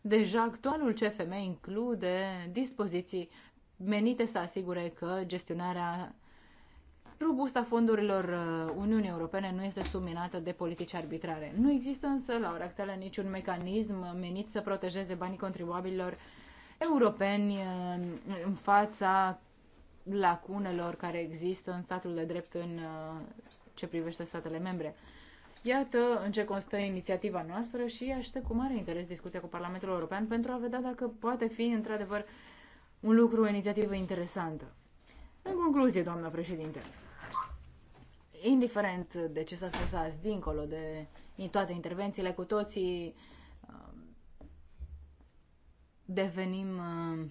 Speaker 4: Deja actualul CFM include dispoziții menite să asigure că gestionarea robustă a fondurilor uh, Uniunii Europene nu este subminată de politici arbitrare. Nu există însă la ora actuală niciun mecanism menit să protejeze banii contribuabililor europeni uh, în fața lacunelor care există în statul de drept în uh, ce privește statele membre. Iată în ce constă inițiativa noastră și aștept cu mare interes discuția cu Parlamentul European pentru a vedea dacă poate fi într-adevăr un lucru, o inițiativă interesantă. În concluzie, doamnă președinte, indiferent de ce s-a spus azi, dincolo de toate intervențiile, cu toții um, devenim um,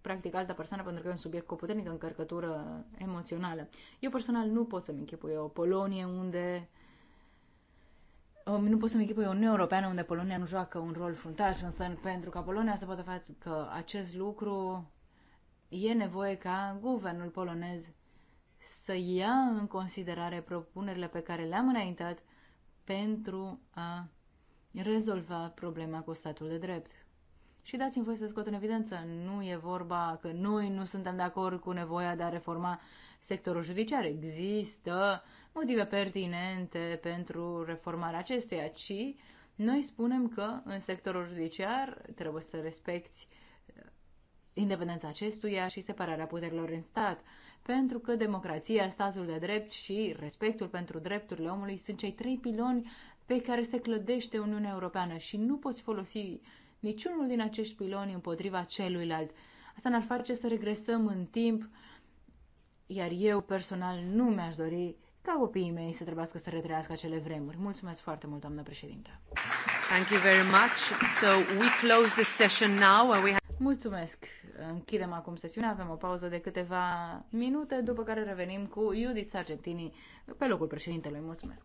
Speaker 4: practic alta persoană pentru că e un subiect cu o puternică încărcătură emoțională. Eu personal nu pot să-mi închipui o Polonie unde nu pot să-mi echipă o Uniunea Europeană unde Polonia nu joacă un rol fruntaș, însă pentru ca Polonia să poată face că acest lucru e nevoie ca guvernul polonez să ia în considerare propunerile pe care le-am înaintat pentru a rezolva problema cu statul de drept. Și dați-mi voi să scot în evidență, nu e vorba că noi nu suntem de acord cu nevoia de a reforma sectorul judiciar. Există motive pertinente pentru reformarea acestuia, ci noi spunem că în sectorul judiciar trebuie să respecti uh, independența acestuia și separarea puterilor în stat, pentru că democrația, statul de drept și respectul pentru drepturile omului sunt cei trei piloni pe care se clădește Uniunea Europeană și nu poți folosi niciunul din acești piloni împotriva celuilalt. Asta ne-ar face să regresăm în timp, iar eu personal nu mi-aș dori ca copiii mei să trebuiască să retrăiască acele vremuri. Mulțumesc foarte mult, doamnă președintă. Thank you very much. So we close the session now and we have... Mulțumesc. Închidem acum sesiunea, avem o pauză de câteva minute, după care revenim cu Judith Sargentini pe locul președintelui. Mulțumesc.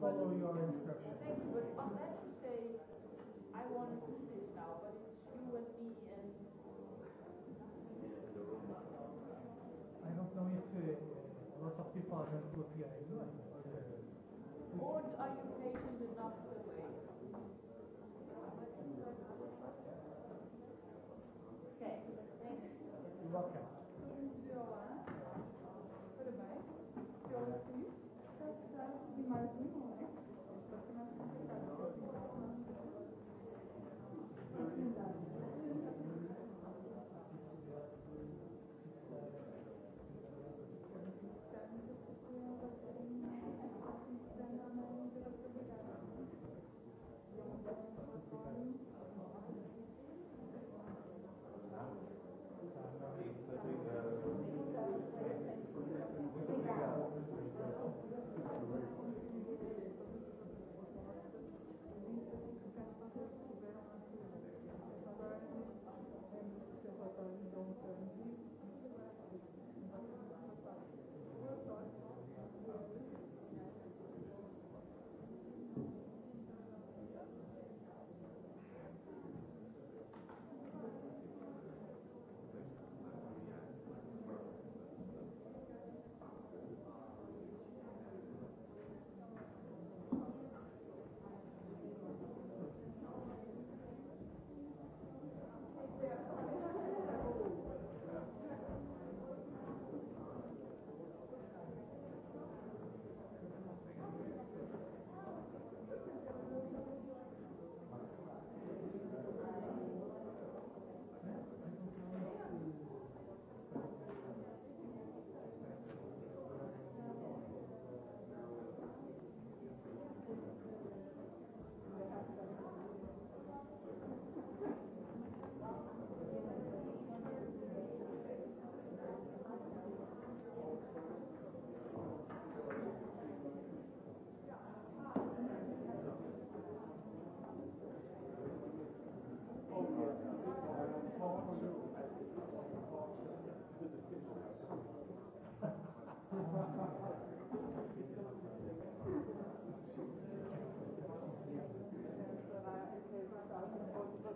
Speaker 1: follow your instructions. Thank you, but unless you say, I want to do this now, but it's you and me and... I don't know if uh, lots of people are going to appear anyway. Or are you making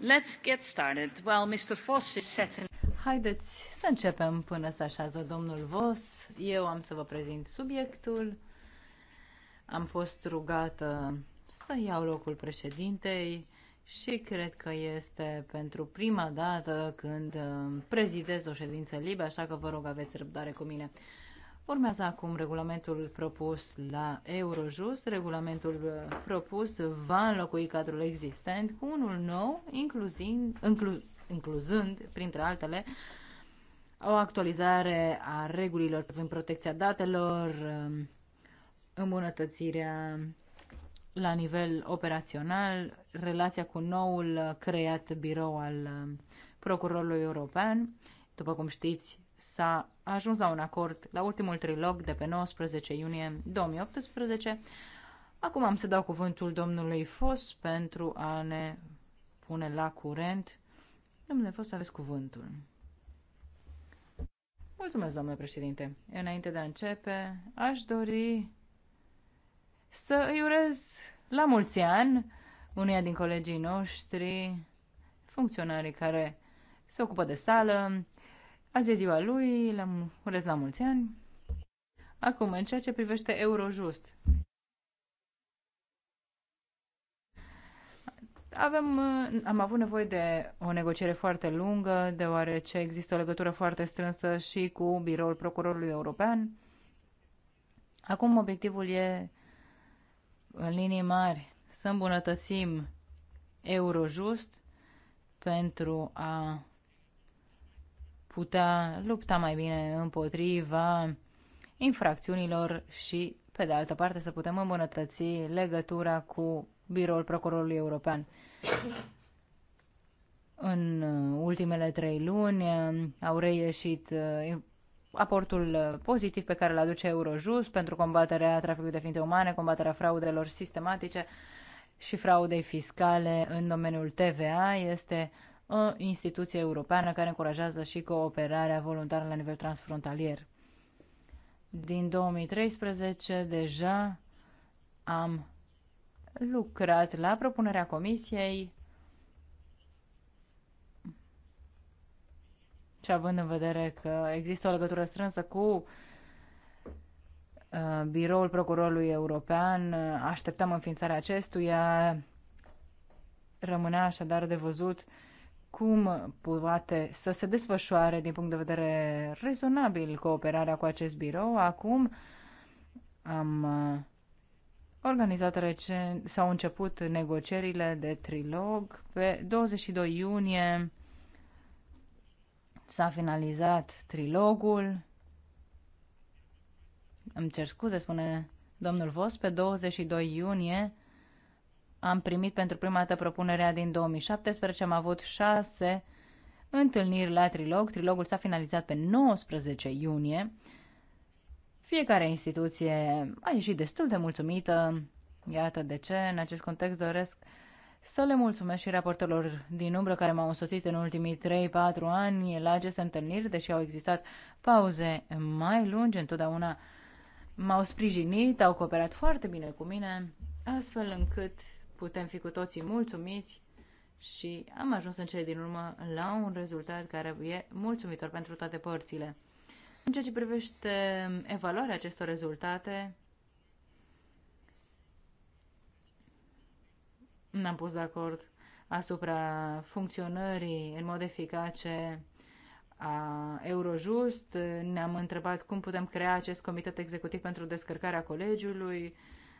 Speaker 4: let's get started. Well, Mr. Voss is set Haideți să începem până se așează domnul Voss. Eu am să vă prezint subiectul. Am fost rugată să iau locul președintei și cred că este pentru prima dată când uh, prezidez o ședință liberă, așa că vă rog aveți răbdare cu mine. Urmează acum regulamentul propus la Eurojust. Regulamentul uh, propus va înlocui cadrul existent cu unul nou, incluzind, inclu, incluzând, printre altele, o actualizare a regulilor privind protecția datelor, um, îmbunătățirea la nivel operațional, relația cu noul creat birou al um, procurorului european. După cum știți, s-a ajuns la un acord la ultimul trilog de pe 19 iunie 2018. Acum am să dau cuvântul domnului Fos pentru a ne pune la curent. Domnule Fos, aveți cuvântul. Mulțumesc, domnule președinte. Înainte de a începe, aș dori să îi urez la mulți ani unuia din colegii noștri, funcționarii care se ocupă de sală, Azi e ziua lui, l-am urez la mulți ani. Acum, în ceea ce privește Eurojust. Avem, uh, am avut nevoie de o negociere foarte lungă, deoarece există o legătură foarte strânsă și cu biroul procurorului european. Acum obiectivul e, în linii mari, să îmbunătățim Eurojust pentru a putea lupta mai bine împotriva infracțiunilor și, pe de altă parte, să putem îmbunătăți legătura cu biroul procurorului european. În ultimele trei luni au reieșit uh, aportul pozitiv pe care îl aduce Eurojust pentru combaterea traficului de ființe umane, combaterea fraudelor sistematice și fraudei fiscale în domeniul TVA. Este o instituție europeană care încurajează și cooperarea voluntară la nivel transfrontalier. Din 2013 deja am lucrat la propunerea comisiei și având în vedere că există o legătură strânsă cu uh, biroul procurorului european, uh, așteptăm înființarea acestuia, rămânea așadar de văzut cum poate să se desfășoare din punct de vedere rezonabil cooperarea cu acest birou. Acum am uh, organizat recent, s-au început negocierile de trilog. Pe 22 iunie s-a finalizat trilogul. Îmi cer scuze, spune domnul Vos, pe 22 iunie am primit pentru prima dată propunerea din 2017, am avut șase întâlniri la trilog. Trilogul s-a finalizat pe 19 iunie. Fiecare instituție a ieșit destul de mulțumită. Iată de ce, în acest context doresc să le mulțumesc și raportorilor din umbră care m-au însoțit în ultimii 3-4 ani la aceste întâlniri, deși au existat pauze mai lungi, întotdeauna m-au sprijinit, au cooperat foarte bine cu mine, astfel încât putem fi cu toții mulțumiți și am ajuns în cele din urmă la un rezultat care e mulțumitor pentru toate părțile. În ceea ce privește evaluarea acestor rezultate, n-am pus de acord asupra funcționării în mod eficace a Eurojust, ne-am întrebat cum putem crea acest comitet executiv pentru descărcarea colegiului,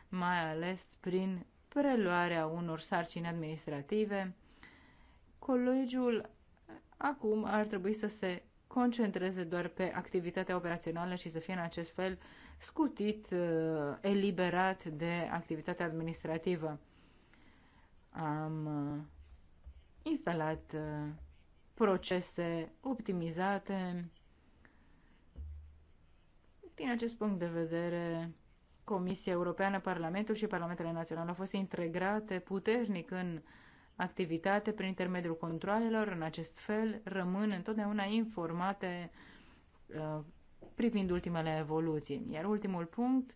Speaker 4: mai ales prin preluarea unor sarcini administrative, colegiul acum ar trebui să se concentreze doar pe activitatea operațională și să fie în acest fel scutit, uh, eliberat de activitatea administrativă. Am uh, instalat uh, procese optimizate. Din acest punct de vedere, Comisia Europeană, Parlamentul și Parlamentele Naționale au fost integrate puternic în activitate prin intermediul controlelor, În acest fel rămân întotdeauna informate uh, privind ultimele evoluții. Iar ultimul punct,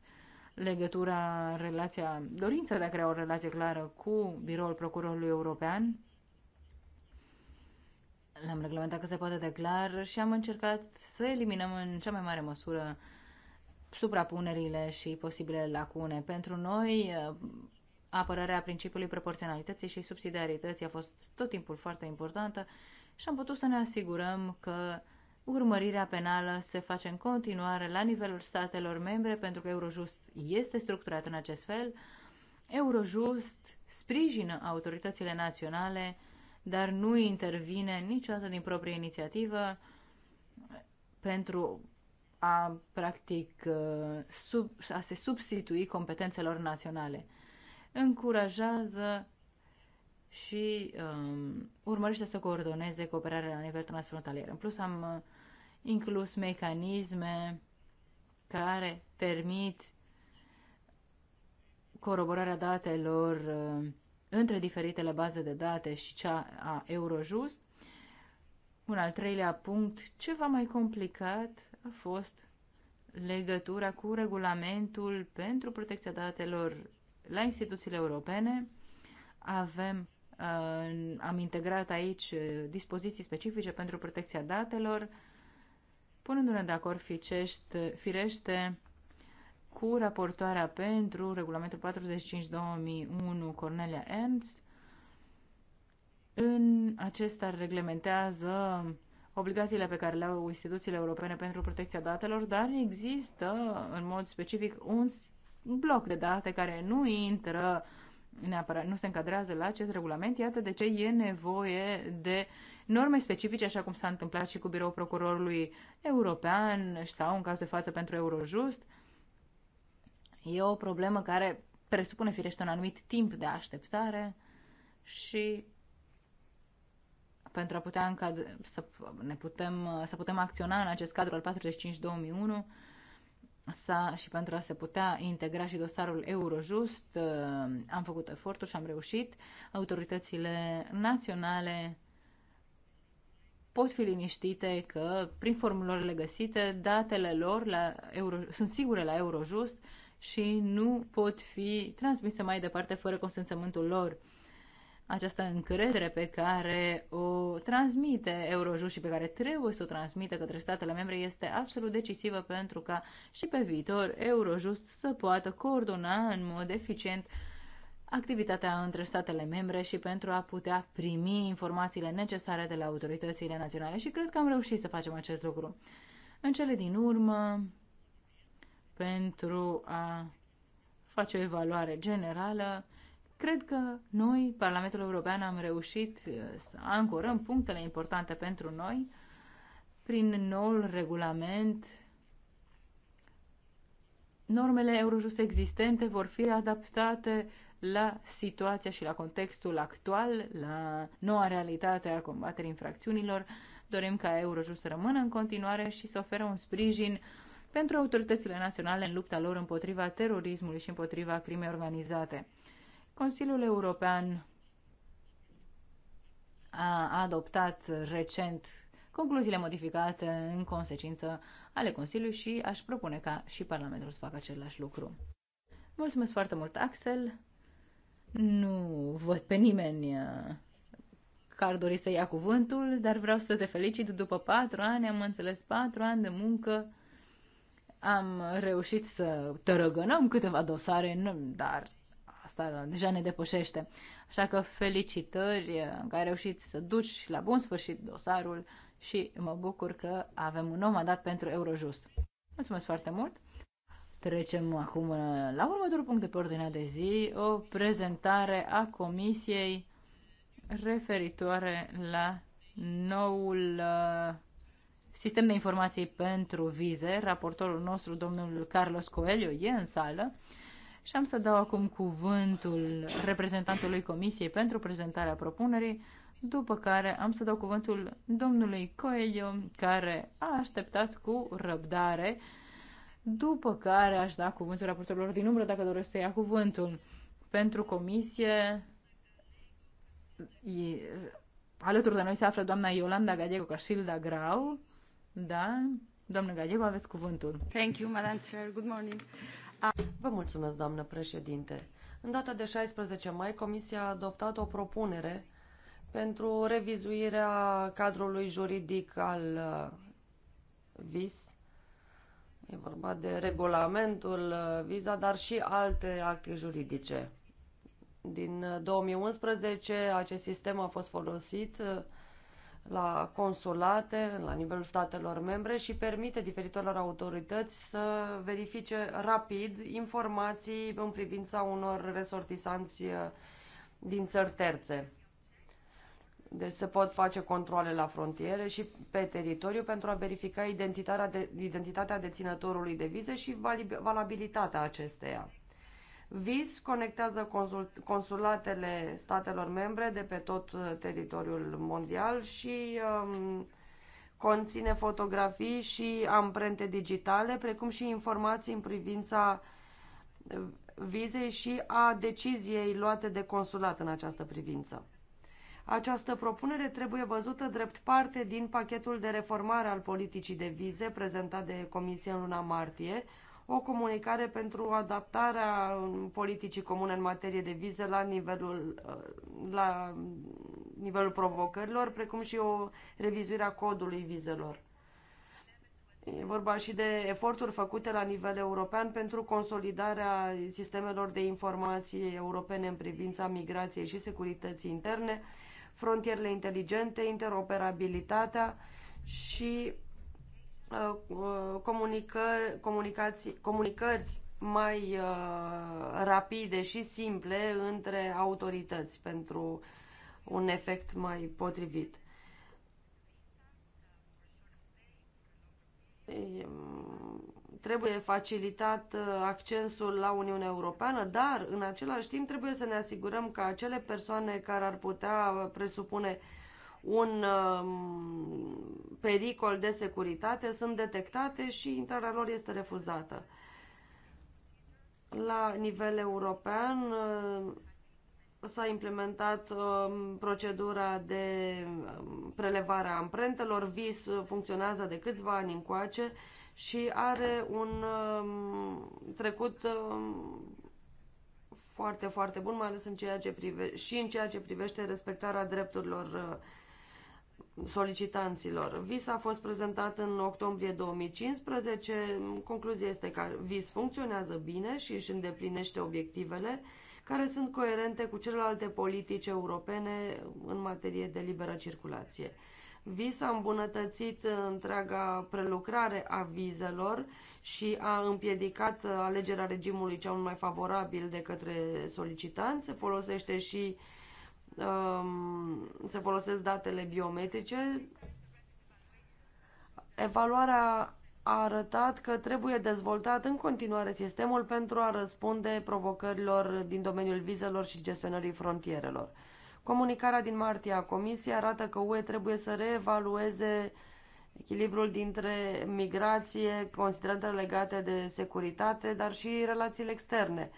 Speaker 4: legătura, relația, dorința de a crea o relație clară cu biroul procurorului european. L-am reglementat că se poate declar și am încercat să eliminăm în cea mai mare măsură uh, suprapunerile și posibilele lacune. Pentru noi, apărarea principiului proporționalității și subsidiarității a fost tot timpul foarte importantă și am putut să ne asigurăm că urmărirea penală se face în continuare la nivelul statelor membre pentru că Eurojust este structurat în acest fel. Eurojust sprijină autoritățile naționale, dar nu intervine niciodată din proprie inițiativă pentru a, practic, sub, a se substitui competențelor naționale. Încurajează și um, urmărește să coordoneze cooperarea la nivel transfrontalier. În plus, am inclus mecanisme care permit coroborarea datelor uh, între diferitele baze de date și cea a Eurojust un al treilea punct, ceva mai complicat, a fost legătura cu regulamentul pentru protecția datelor la instituțiile europene. Avem, uh, am integrat aici uh, dispoziții specifice pentru protecția datelor, punându-ne de acord ficește, firește cu raportoarea pentru regulamentul 45-2001 Cornelia Ernst, în acesta reglementează obligațiile pe care le au instituțiile europene pentru protecția datelor, dar există în mod specific un bloc de date care nu intră neapărat, nu se încadrează la acest regulament. Iată de ce e nevoie de norme specifice, așa cum s-a întâmplat și cu biroul procurorului european sau în caz de față pentru Eurojust. E o problemă care presupune firește un anumit timp de așteptare și pentru a putea încad- să, ne putem, să putem acționa în acest cadru al 45-2001 sa, și pentru a se putea integra și dosarul Eurojust, uh, am făcut eforturi și am reușit. Autoritățile naționale pot fi liniștite că prin formulările găsite, datele lor la Euro, sunt sigure la Eurojust și nu pot fi transmise mai departe fără consimțământul lor această încredere pe care o transmite Eurojust și pe care trebuie să o transmită către statele membre este absolut decisivă pentru ca și pe viitor Eurojust să poată coordona în mod eficient activitatea între statele membre și pentru a putea primi informațiile necesare de la autoritățile naționale și cred că am reușit să facem acest lucru. În cele din urmă, pentru a face o evaluare generală, Cred că noi, Parlamentul European, am reușit uh, să ancorăm punctele importante pentru noi prin noul regulament. Normele Eurojust existente vor fi adaptate la situația și la contextul actual, la noua realitate a combaterii infracțiunilor. Dorim ca Eurojust să rămână în continuare și să oferă un sprijin pentru autoritățile naționale în lupta lor împotriva terorismului și împotriva crimei organizate. Consiliul European a adoptat recent concluziile modificate în consecință ale Consiliului și aș propune ca și Parlamentul să facă același lucru. Mulțumesc foarte mult, Axel. Nu văd pe nimeni uh, că ar dori să ia cuvântul, dar vreau să te felicit. După patru ani am înțeles patru ani de muncă. Am reușit să tărăgănăm câteva dosare, dar asta deja ne depășește. Așa că felicitări că ai reușit să duci la bun sfârșit dosarul și mă bucur că avem un nou mandat pentru Eurojust. Mulțumesc foarte mult! Trecem acum la următorul punct de pe ordinea de zi, o prezentare a comisiei referitoare la noul uh, sistem de informații pentru vize. Raportorul nostru, domnul Carlos Coelho, e în sală. Și am să dau acum cuvântul reprezentantului Comisiei pentru prezentarea propunerii, după care am să dau cuvântul domnului Coelho, care a așteptat cu răbdare, după care aș da cuvântul raportorilor din umbră dacă doresc să ia cuvântul. Pentru comisie, e, alături de noi se află doamna Iolanda Gallego Casilda Grau, da? Doamna Gallego, aveți
Speaker 3: cuvântul. Thank you, Madam Chair. Good morning. Vă mulțumesc, doamnă președinte. În data de 16 mai, Comisia a adoptat o propunere pentru revizuirea cadrului juridic al uh, VIS. E vorba de regulamentul uh, VISA, dar și alte acte juridice. Din 2011 uh, acest sistem a fost folosit la consulate, la nivelul statelor membre și permite diferitelor autorități să verifice rapid informații în privința unor resortisanți uh, din țări terțe. Deci se pot face controle la frontiere și pe teritoriu pentru a verifica identitatea, de, identitatea deținătorului de vize și valabilitatea acesteia. VIS conectează consulatele statelor membre de pe tot uh, teritoriul mondial și um, conține fotografii și amprente digitale, precum și informații în privința uh, vizei și a deciziei luate de consulat în această privință. Această propunere trebuie văzută drept parte din pachetul de reformare al politicii de vize prezentat de comisia în luna martie, o comunicare pentru adaptarea politicii comune în materie de vize la nivelul, uh, la nivelul provocărilor, precum și o revizuire a codului vizelor. E vorba și de eforturi făcute la nivel european pentru consolidarea sistemelor de informații europene în privința migrației și securității interne, frontierele inteligente, interoperabilitatea și comunică, comunicații, comunicări mai uh, rapide și simple între autorități pentru un efect mai potrivit. Ehm, trebuie facilitat uh, accesul la Uniunea Europeană, dar în același timp trebuie să ne asigurăm că acele persoane care ar putea uh, presupune uh, un um, pericol de securitate, sunt detectate și intrarea lor este refuzată. La nivel european uh, s-a implementat um, procedura de um, prelevare a amprentelor. VIS funcționează de câțiva ani încoace și are un trecut foarte, foarte bun, mai ales în ceea ce prive- și în ceea ce privește respectarea drepturilor uh, solicitanților. VIS a fost prezentat în octombrie 2015. Concluzia este că VIS funcționează bine și își îndeplinește obiectivele care sunt coerente cu celelalte politici europene în materie de liberă circulație. VIS a îmbunătățit întreaga prelucrare a vizelor și a împiedicat alegerea regimului cel mai favorabil de către solicitanți. Se folosește și uh, Um, se folosesc datele biometrice, evaluarea a arătat că trebuie dezvoltat în continuare sistemul pentru a răspunde provocărilor din domeniul vizelor și gestionării frontierelor. Comunicarea din martie a Comisiei arată că UE trebuie să reevalueze echilibrul dintre migrație, considerente legate de securitate, dar și relațiile externe.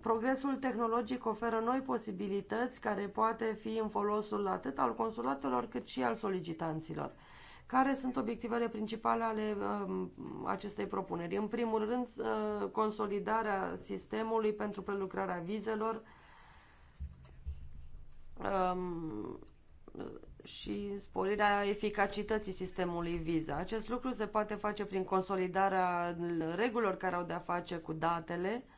Speaker 3: Progresul tehnologic oferă noi posibilități care poate fi în folosul atât al consulatelor cât și al solicitanților. Care sunt obiectivele principale ale uh, acestei propuneri? În primul rând, uh, consolidarea sistemului pentru prelucrarea vizelor um, și sporirea eficacității sistemului viza. Acest lucru se poate face prin consolidarea regulilor care au de-a face cu datele, uh,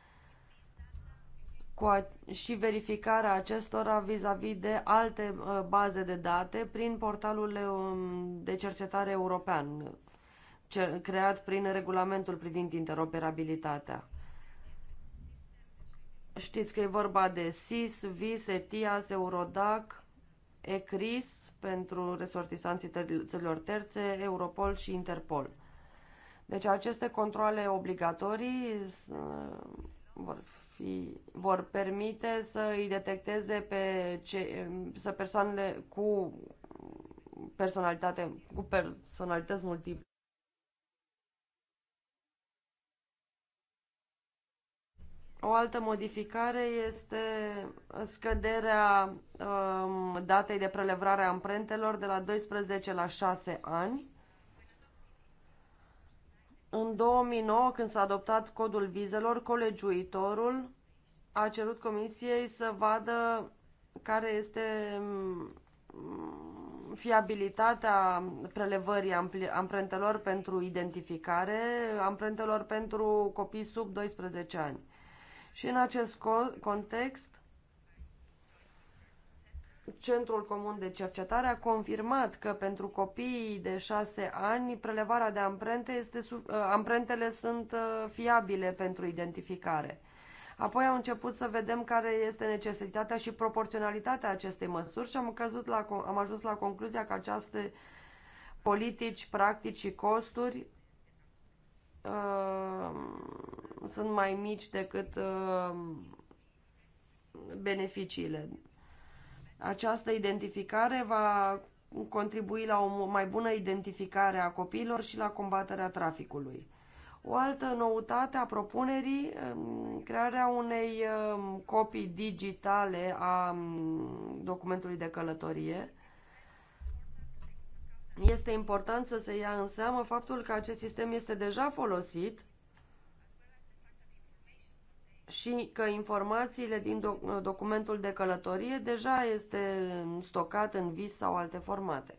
Speaker 3: cu a, și verificarea acestora vis-a-vis de alte uh, baze de date prin portalul um, de cercetare european ce, creat prin regulamentul privind interoperabilitatea. Știți că e vorba de SIS, VIS, ETIAS, Eurodac, ECRIS pentru resortisanții țărilor terțe, Europol și Interpol. Deci aceste controle obligatorii uh, vor fi, vor permite să îi detecteze pe ce, să persoanele cu personalitate, cu personalități multiple. O altă modificare este scăderea um, datei de prelevrare a amprentelor de la 12 la 6 ani. În 2009, când s-a adoptat codul vizelor, colegiuitorul a cerut comisiei să vadă care este mm, fiabilitatea prelevării amprentelor pentru identificare, amprentelor pentru copii sub 12 ani. Și în acest context, Centrul Comun de Cercetare a confirmat că pentru copiii de 6 ani prelevarea de amprente este, uh, amprentele sunt uh, fiabile pentru identificare. Apoi am început să vedem care este necesitatea și proporționalitatea acestei măsuri și am, căzut la, am ajuns la concluzia că aceste politici, practici și costuri uh, sunt mai mici decât uh, beneficiile această identificare va contribui la o mai bună identificare a copiilor și la combaterea traficului. O altă noutate a propunerii, um, crearea unei um, copii digitale a um, documentului de călătorie. Este important să se ia în seamă faptul că acest sistem este deja folosit și că informațiile din doc documentul de călătorie deja este stocat în vis sau alte formate.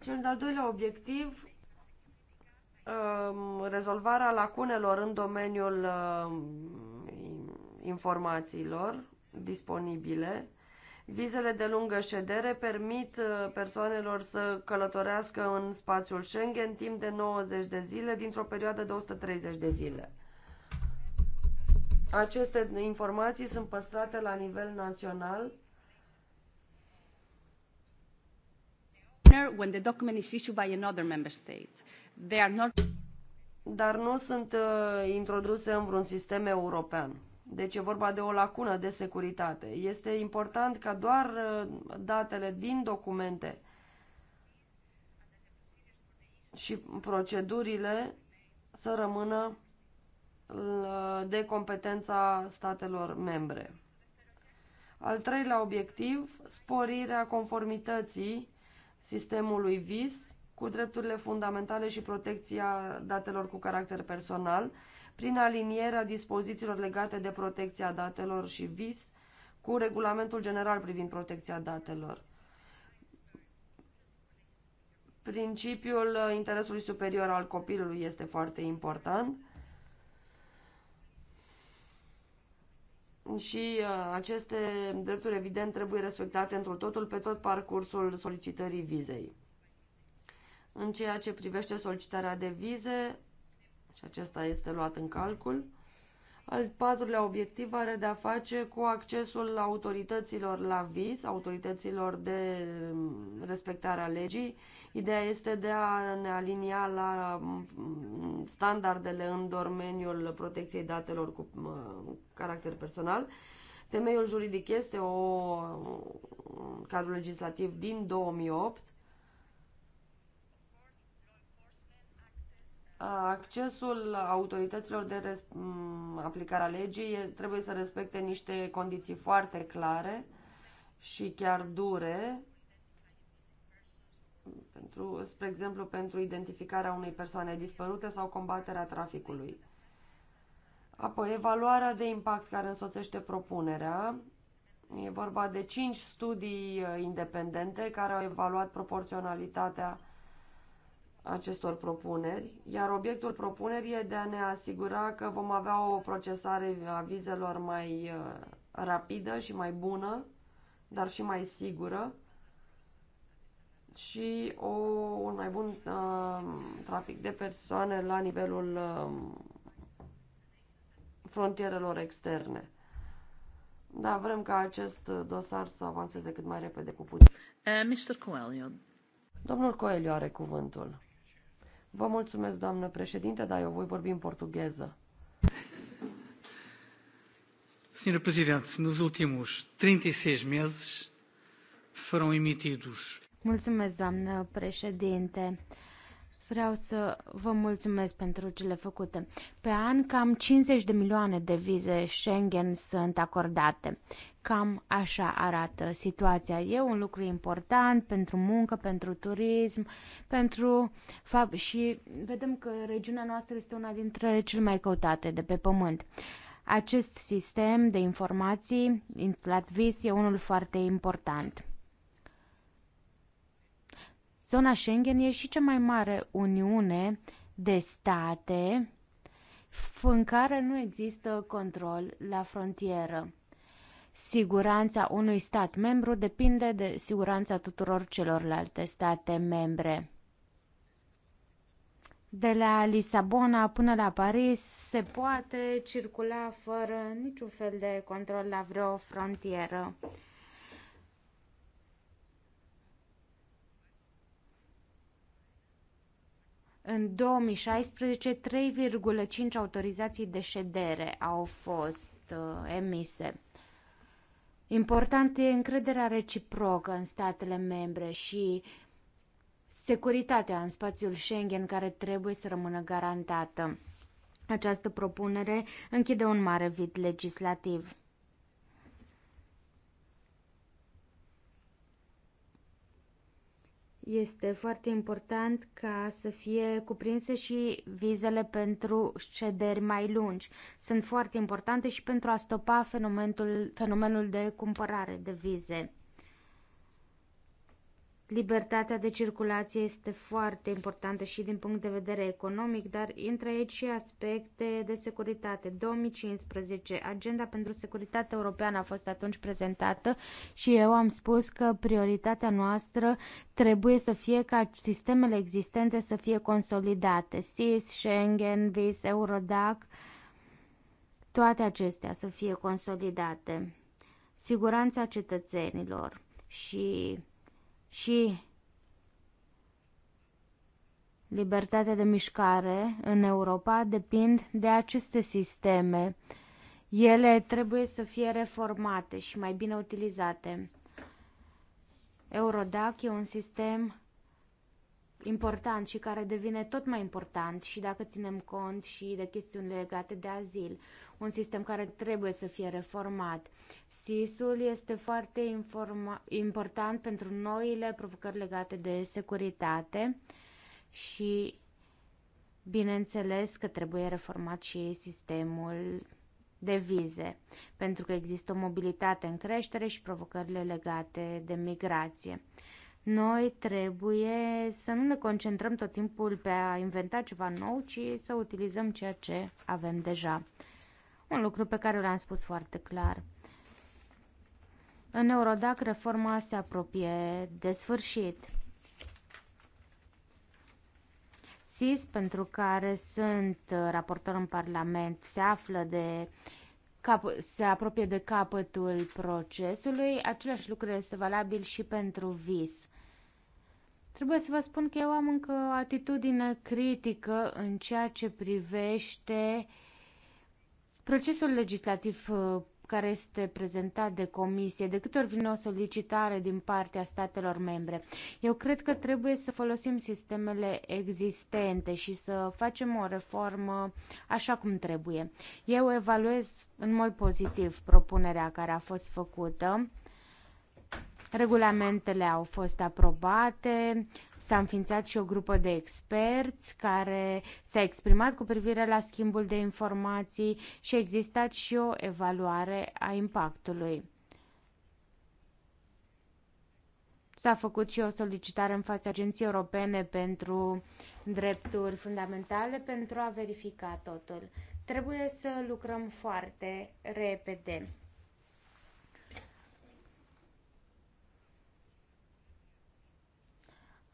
Speaker 3: Cel de-al doilea obiectiv, um, rezolvarea lacunelor în domeniul um, informațiilor disponibile. Vizele de lungă ședere permit uh, persoanelor să călătorească în spațiul Schengen timp de 90 de zile dintr-o perioadă de 130 de zile. Aceste informații sunt păstrate la nivel național when the document is issued by another member state. They are not dar nu sunt uh, introduse în vreun sistem european. Deci e vorba de o lacună de securitate. Este important ca doar uh, datele din documente și procedurile să rămână de competența statelor membre. Al treilea obiectiv, sporirea conformității sistemului VIS cu drepturile fundamentale și protecția datelor cu caracter personal, prin alinierea dispozițiilor legate de protecția datelor și VIS cu Regulamentul General privind protecția datelor. Principiul uh, interesului superior al copilului este foarte important și uh, aceste drepturi, evident, trebuie respectate într totul pe tot parcursul solicitării vizei. În ceea ce privește solicitarea de vize, și acesta este luat în calcul, al patrulea obiectiv are de-a face cu accesul autorităților la vis, autorităților de mm, respectarea legii. Ideea este de a ne alinia la mm, standardele în domeniul protecției datelor cu mm, caracter personal. Temeiul juridic este o cadru legislativ din 2008 accesul autorităților de aplicare a legii trebuie să respecte niște condiții foarte clare și chiar dure, pentru, spre exemplu pentru identificarea unei persoane dispărute sau combaterea traficului. Apoi, evaluarea de impact care însoțește propunerea. E vorba de 5 studii uh, independente care au evaluat proporționalitatea acestor propuneri, iar obiectul propunerii e de a ne asigura că vom avea o procesare a vizelor mai uh, rapidă și mai bună, dar și mai sigură și o, un mai bun uh, trafic de persoane la nivelul uh, frontierelor externe. Da, vrem ca acest dosar să avanseze cât mai repede cu putin. Uh, Mr. Coelho. Domnul Coelho are cuvântul. Vă mulțumesc, doamnă președinte, dar eu voi vorbi în portugheză.
Speaker 1: Senhora Presidente, nos últimos 36 meses foram
Speaker 4: emitidos.
Speaker 2: Mulțumesc, doamnă președinte. Vreau să vă mulțumesc pentru cele făcute. Pe an, cam 50 de milioane de vize Schengen sunt acordate. Cam așa arată situația. E un lucru important pentru muncă, pentru turism, pentru și vedem că regiunea noastră este una dintre cele mai căutate de pe pământ. Acest sistem de informații, VIS e unul foarte important. Zona Schengen e și cea mai mare uniune de state în care nu există control la frontieră. Siguranța unui stat membru depinde de siguranța tuturor celorlalte state membre. De la Lisabona până la Paris se poate circula fără niciun fel de control la vreo frontieră. În 2016, 3,5 autorizații de ședere au fost uh, emise. Important e încrederea reciprocă în statele membre și securitatea în spațiul Schengen care trebuie să rămână garantată. Această propunere închide un mare vid legislativ. Este foarte important ca să fie cuprinse și vizele pentru șederi mai lungi. Sunt foarte importante și pentru a stopa fenomenul, de cumpărare de vize. Libertatea de circulație este foarte importantă și din punct de vedere economic, dar intră aici și aspecte de securitate. 2015, agenda pentru securitate europeană a fost atunci prezentată și eu am spus că prioritatea noastră trebuie să fie ca sistemele existente să fie consolidate. SIS, Schengen, VIS, Eurodac, toate acestea să fie consolidate. Siguranța cetățenilor și și libertatea de mișcare în Europa depind de aceste sisteme. Ele trebuie să fie reformate și mai bine utilizate. Eurodac e un sistem important și care devine tot mai important și dacă ținem cont și de chestiuni legate de azil un sistem care trebuie să fie reformat. SIS-ul este foarte important pentru noile provocări legate de securitate și bineînțeles că trebuie reformat și sistemul de vize, pentru că există o mobilitate în creștere și provocările legate de migrație. Noi trebuie să nu ne concentrăm tot timpul pe a inventa ceva nou, ci să utilizăm ceea ce avem deja un lucru pe care l-am spus foarte clar. În Eurodac, reforma se apropie de sfârșit. SIS, pentru care sunt raportor în Parlament, se află de cap, se apropie de capătul procesului. Același lucru este valabil și pentru VIS. Trebuie să vă spun că eu am încă o atitudine critică în ceea ce privește uh, Procesul legislativ uh, care este prezentat de comisie, de câte ori vine o solicitare din partea statelor membre. Eu cred că trebuie să folosim sistemele existente și să facem o reformă așa cum trebuie. Eu evaluez în mod pozitiv propunerea care a fost făcută Regulamentele au fost aprobate, s-a înființat și o grupă de experți care s-a exprimat cu privire la schimbul de informații și a existat și o evaluare a impactului. S-a făcut și o solicitare în fața Agenției Europene pentru Drepturi Fundamentale pentru a verifica totul. Trebuie să lucrăm foarte repede.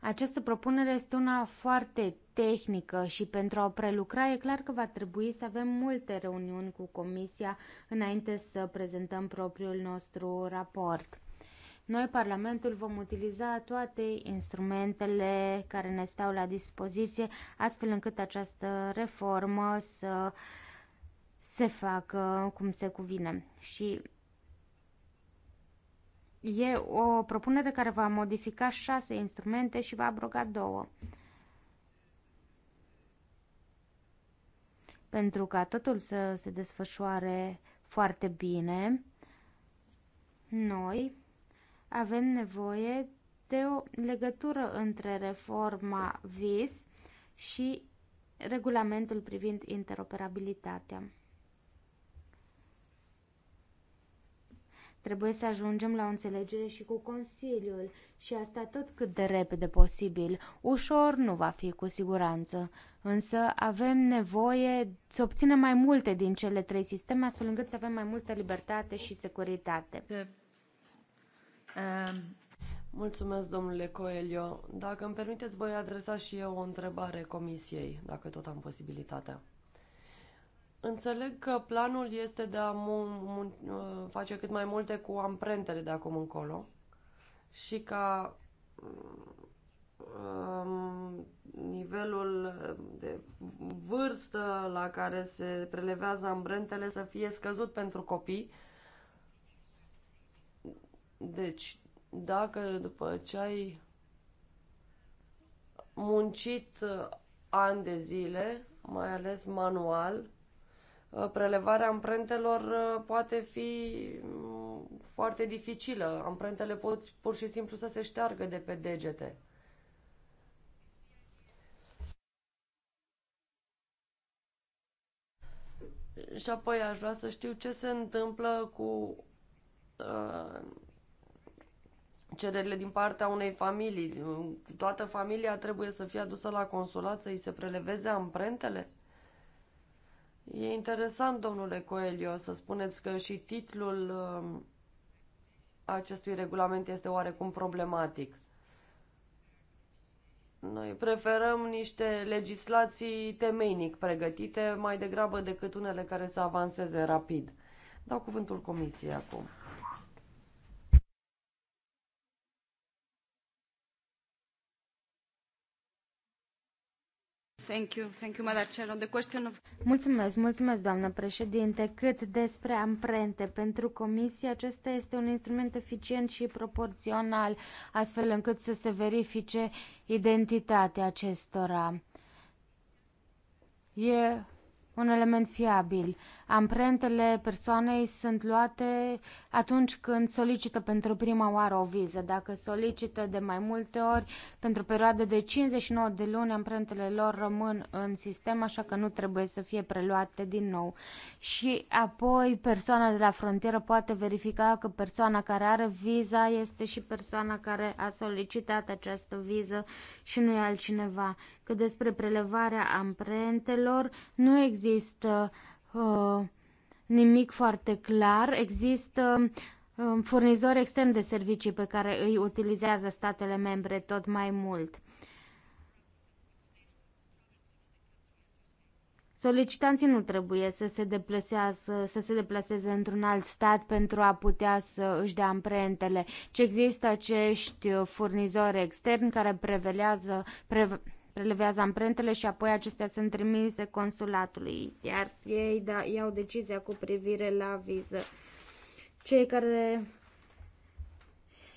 Speaker 2: Această propunere este una foarte tehnică și pentru a o prelucra e clar că va trebui să avem multe reuniuni cu Comisia înainte să prezentăm propriul nostru raport. Noi, Parlamentul, vom utiliza toate instrumentele care ne stau la dispoziție, astfel încât această reformă să se facă cum se cuvine. Și E o propunere care va modifica șase instrumente și va abroga două. Pentru ca totul să se desfășoare foarte bine, noi avem nevoie de o legătură între reforma VIS și regulamentul privind interoperabilitatea. Trebuie să ajungem la o înțelegere și cu Consiliul și asta tot cât de repede posibil. Ușor nu va fi cu siguranță, însă avem nevoie să obținem mai multe din cele trei sisteme, astfel încât să avem mai multă
Speaker 3: libertate și securitate. Um, Mulțumesc, domnule Coelio. Dacă îmi permiteți, voi adresa și eu o întrebare comisiei, dacă tot am posibilitatea. Înțeleg că planul este de a uh, face cât mai multe cu amprentele de acum încolo și ca um, nivelul de vârstă la care se prelevează amprentele să fie scăzut pentru copii. Deci, dacă după ce ai muncit uh, ani de zile, mai ales manual, Uh, prelevarea amprentelor uh, poate fi mm, foarte dificilă. Amprentele pot pur și simplu să se șteargă de pe degete. Și apoi aș vrea să știu ce se întâmplă cu uh, cererile din partea unei familii. Toată familia trebuie să fie adusă la consulat să îi se preleveze amprentele? E interesant, domnule Coelio, să spuneți că și titlul um, acestui regulament este oarecum problematic. Noi preferăm niște legislații temeinic pregătite mai degrabă decât unele care să avanseze rapid. Dau cuvântul comisiei acum.
Speaker 2: Mulțumesc, mulțumesc, doamnă președinte. Cât despre amprente, pentru comisie acesta este un instrument eficient și proporțional, astfel încât să se verifice identitatea acestora. E un element fiabil amprentele persoanei sunt luate atunci când solicită pentru prima oară o viză. Dacă solicită de mai multe ori, pentru o perioadă de 59 de luni, amprentele lor rămân în sistem, așa că nu trebuie să fie preluate din nou. Și apoi persoana de la frontieră poate verifica că persoana care are viza este și persoana care a solicitat această viză și nu e altcineva. Că despre prelevarea amprentelor nu există uh, uh, nimic foarte clar. Există uh, furnizori extern de servicii pe care îi utilizează statele membre tot mai mult. Solicitanții nu trebuie să se, deplasează, să se deplaseze într-un alt stat pentru a putea să își dea amprentele, ci există acești furnizori externi care prevelează, preve, prelevează amprentele și apoi acestea sunt trimise consulatului, iar ei da, iau decizia cu privire la viză. Cei care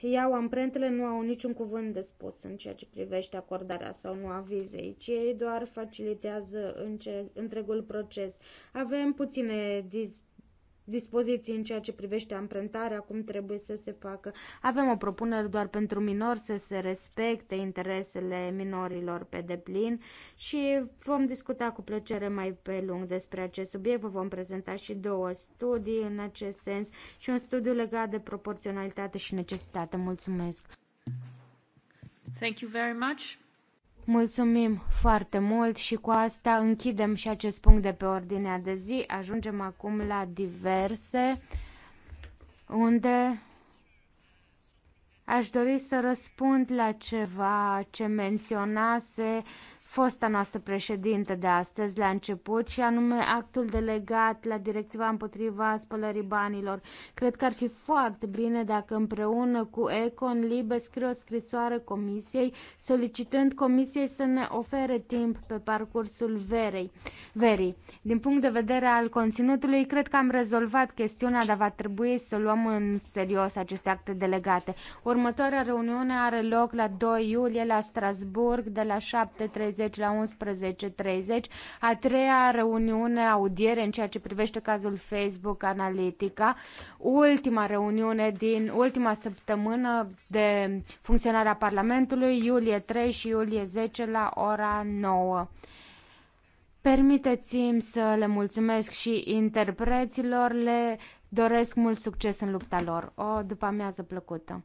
Speaker 2: iau amprentele nu au niciun cuvânt de spus în ceea ce privește acordarea sau nu a vizei, ci ei doar facilitează întregul proces. Avem puține dispoziții în ceea ce privește amprentarea, cum trebuie să se facă. Avem o propunere doar pentru minori să se respecte interesele minorilor pe deplin și vom discuta cu plăcere mai pe lung despre acest subiect. Vă vom prezenta și două studii în acest sens și un studiu legat de proporționalitate și necesitate. Mulțumesc!
Speaker 4: Thank you very much.
Speaker 2: Mulțumim foarte mult și cu asta închidem și acest punct de pe ordinea de zi. Ajungem acum la diverse, unde aș dori să răspund la ceva ce menționase fosta noastră președintă de astăzi la început și anume actul delegat la directiva împotriva spălării banilor. Cred că ar fi foarte bine dacă împreună cu Econ Libe scrie o scrisoare comisiei solicitând comisiei să ne ofere timp pe parcursul verei. verii. Din punct de vedere al conținutului, cred că am rezolvat chestiunea, dar va trebui să luăm în serios aceste acte delegate. Următoarea reuniune are loc la 2 iulie la Strasburg de la 7.30 20 deci la 11.30, a treia reuniune audiere în ceea ce privește cazul Facebook Analytica, ultima reuniune din ultima săptămână de funcționarea Parlamentului, iulie 3 și iulie 10 la ora 9. Permiteți-mi să le mulțumesc și interpreților, le doresc mult succes în lupta lor. O după amiază plăcută!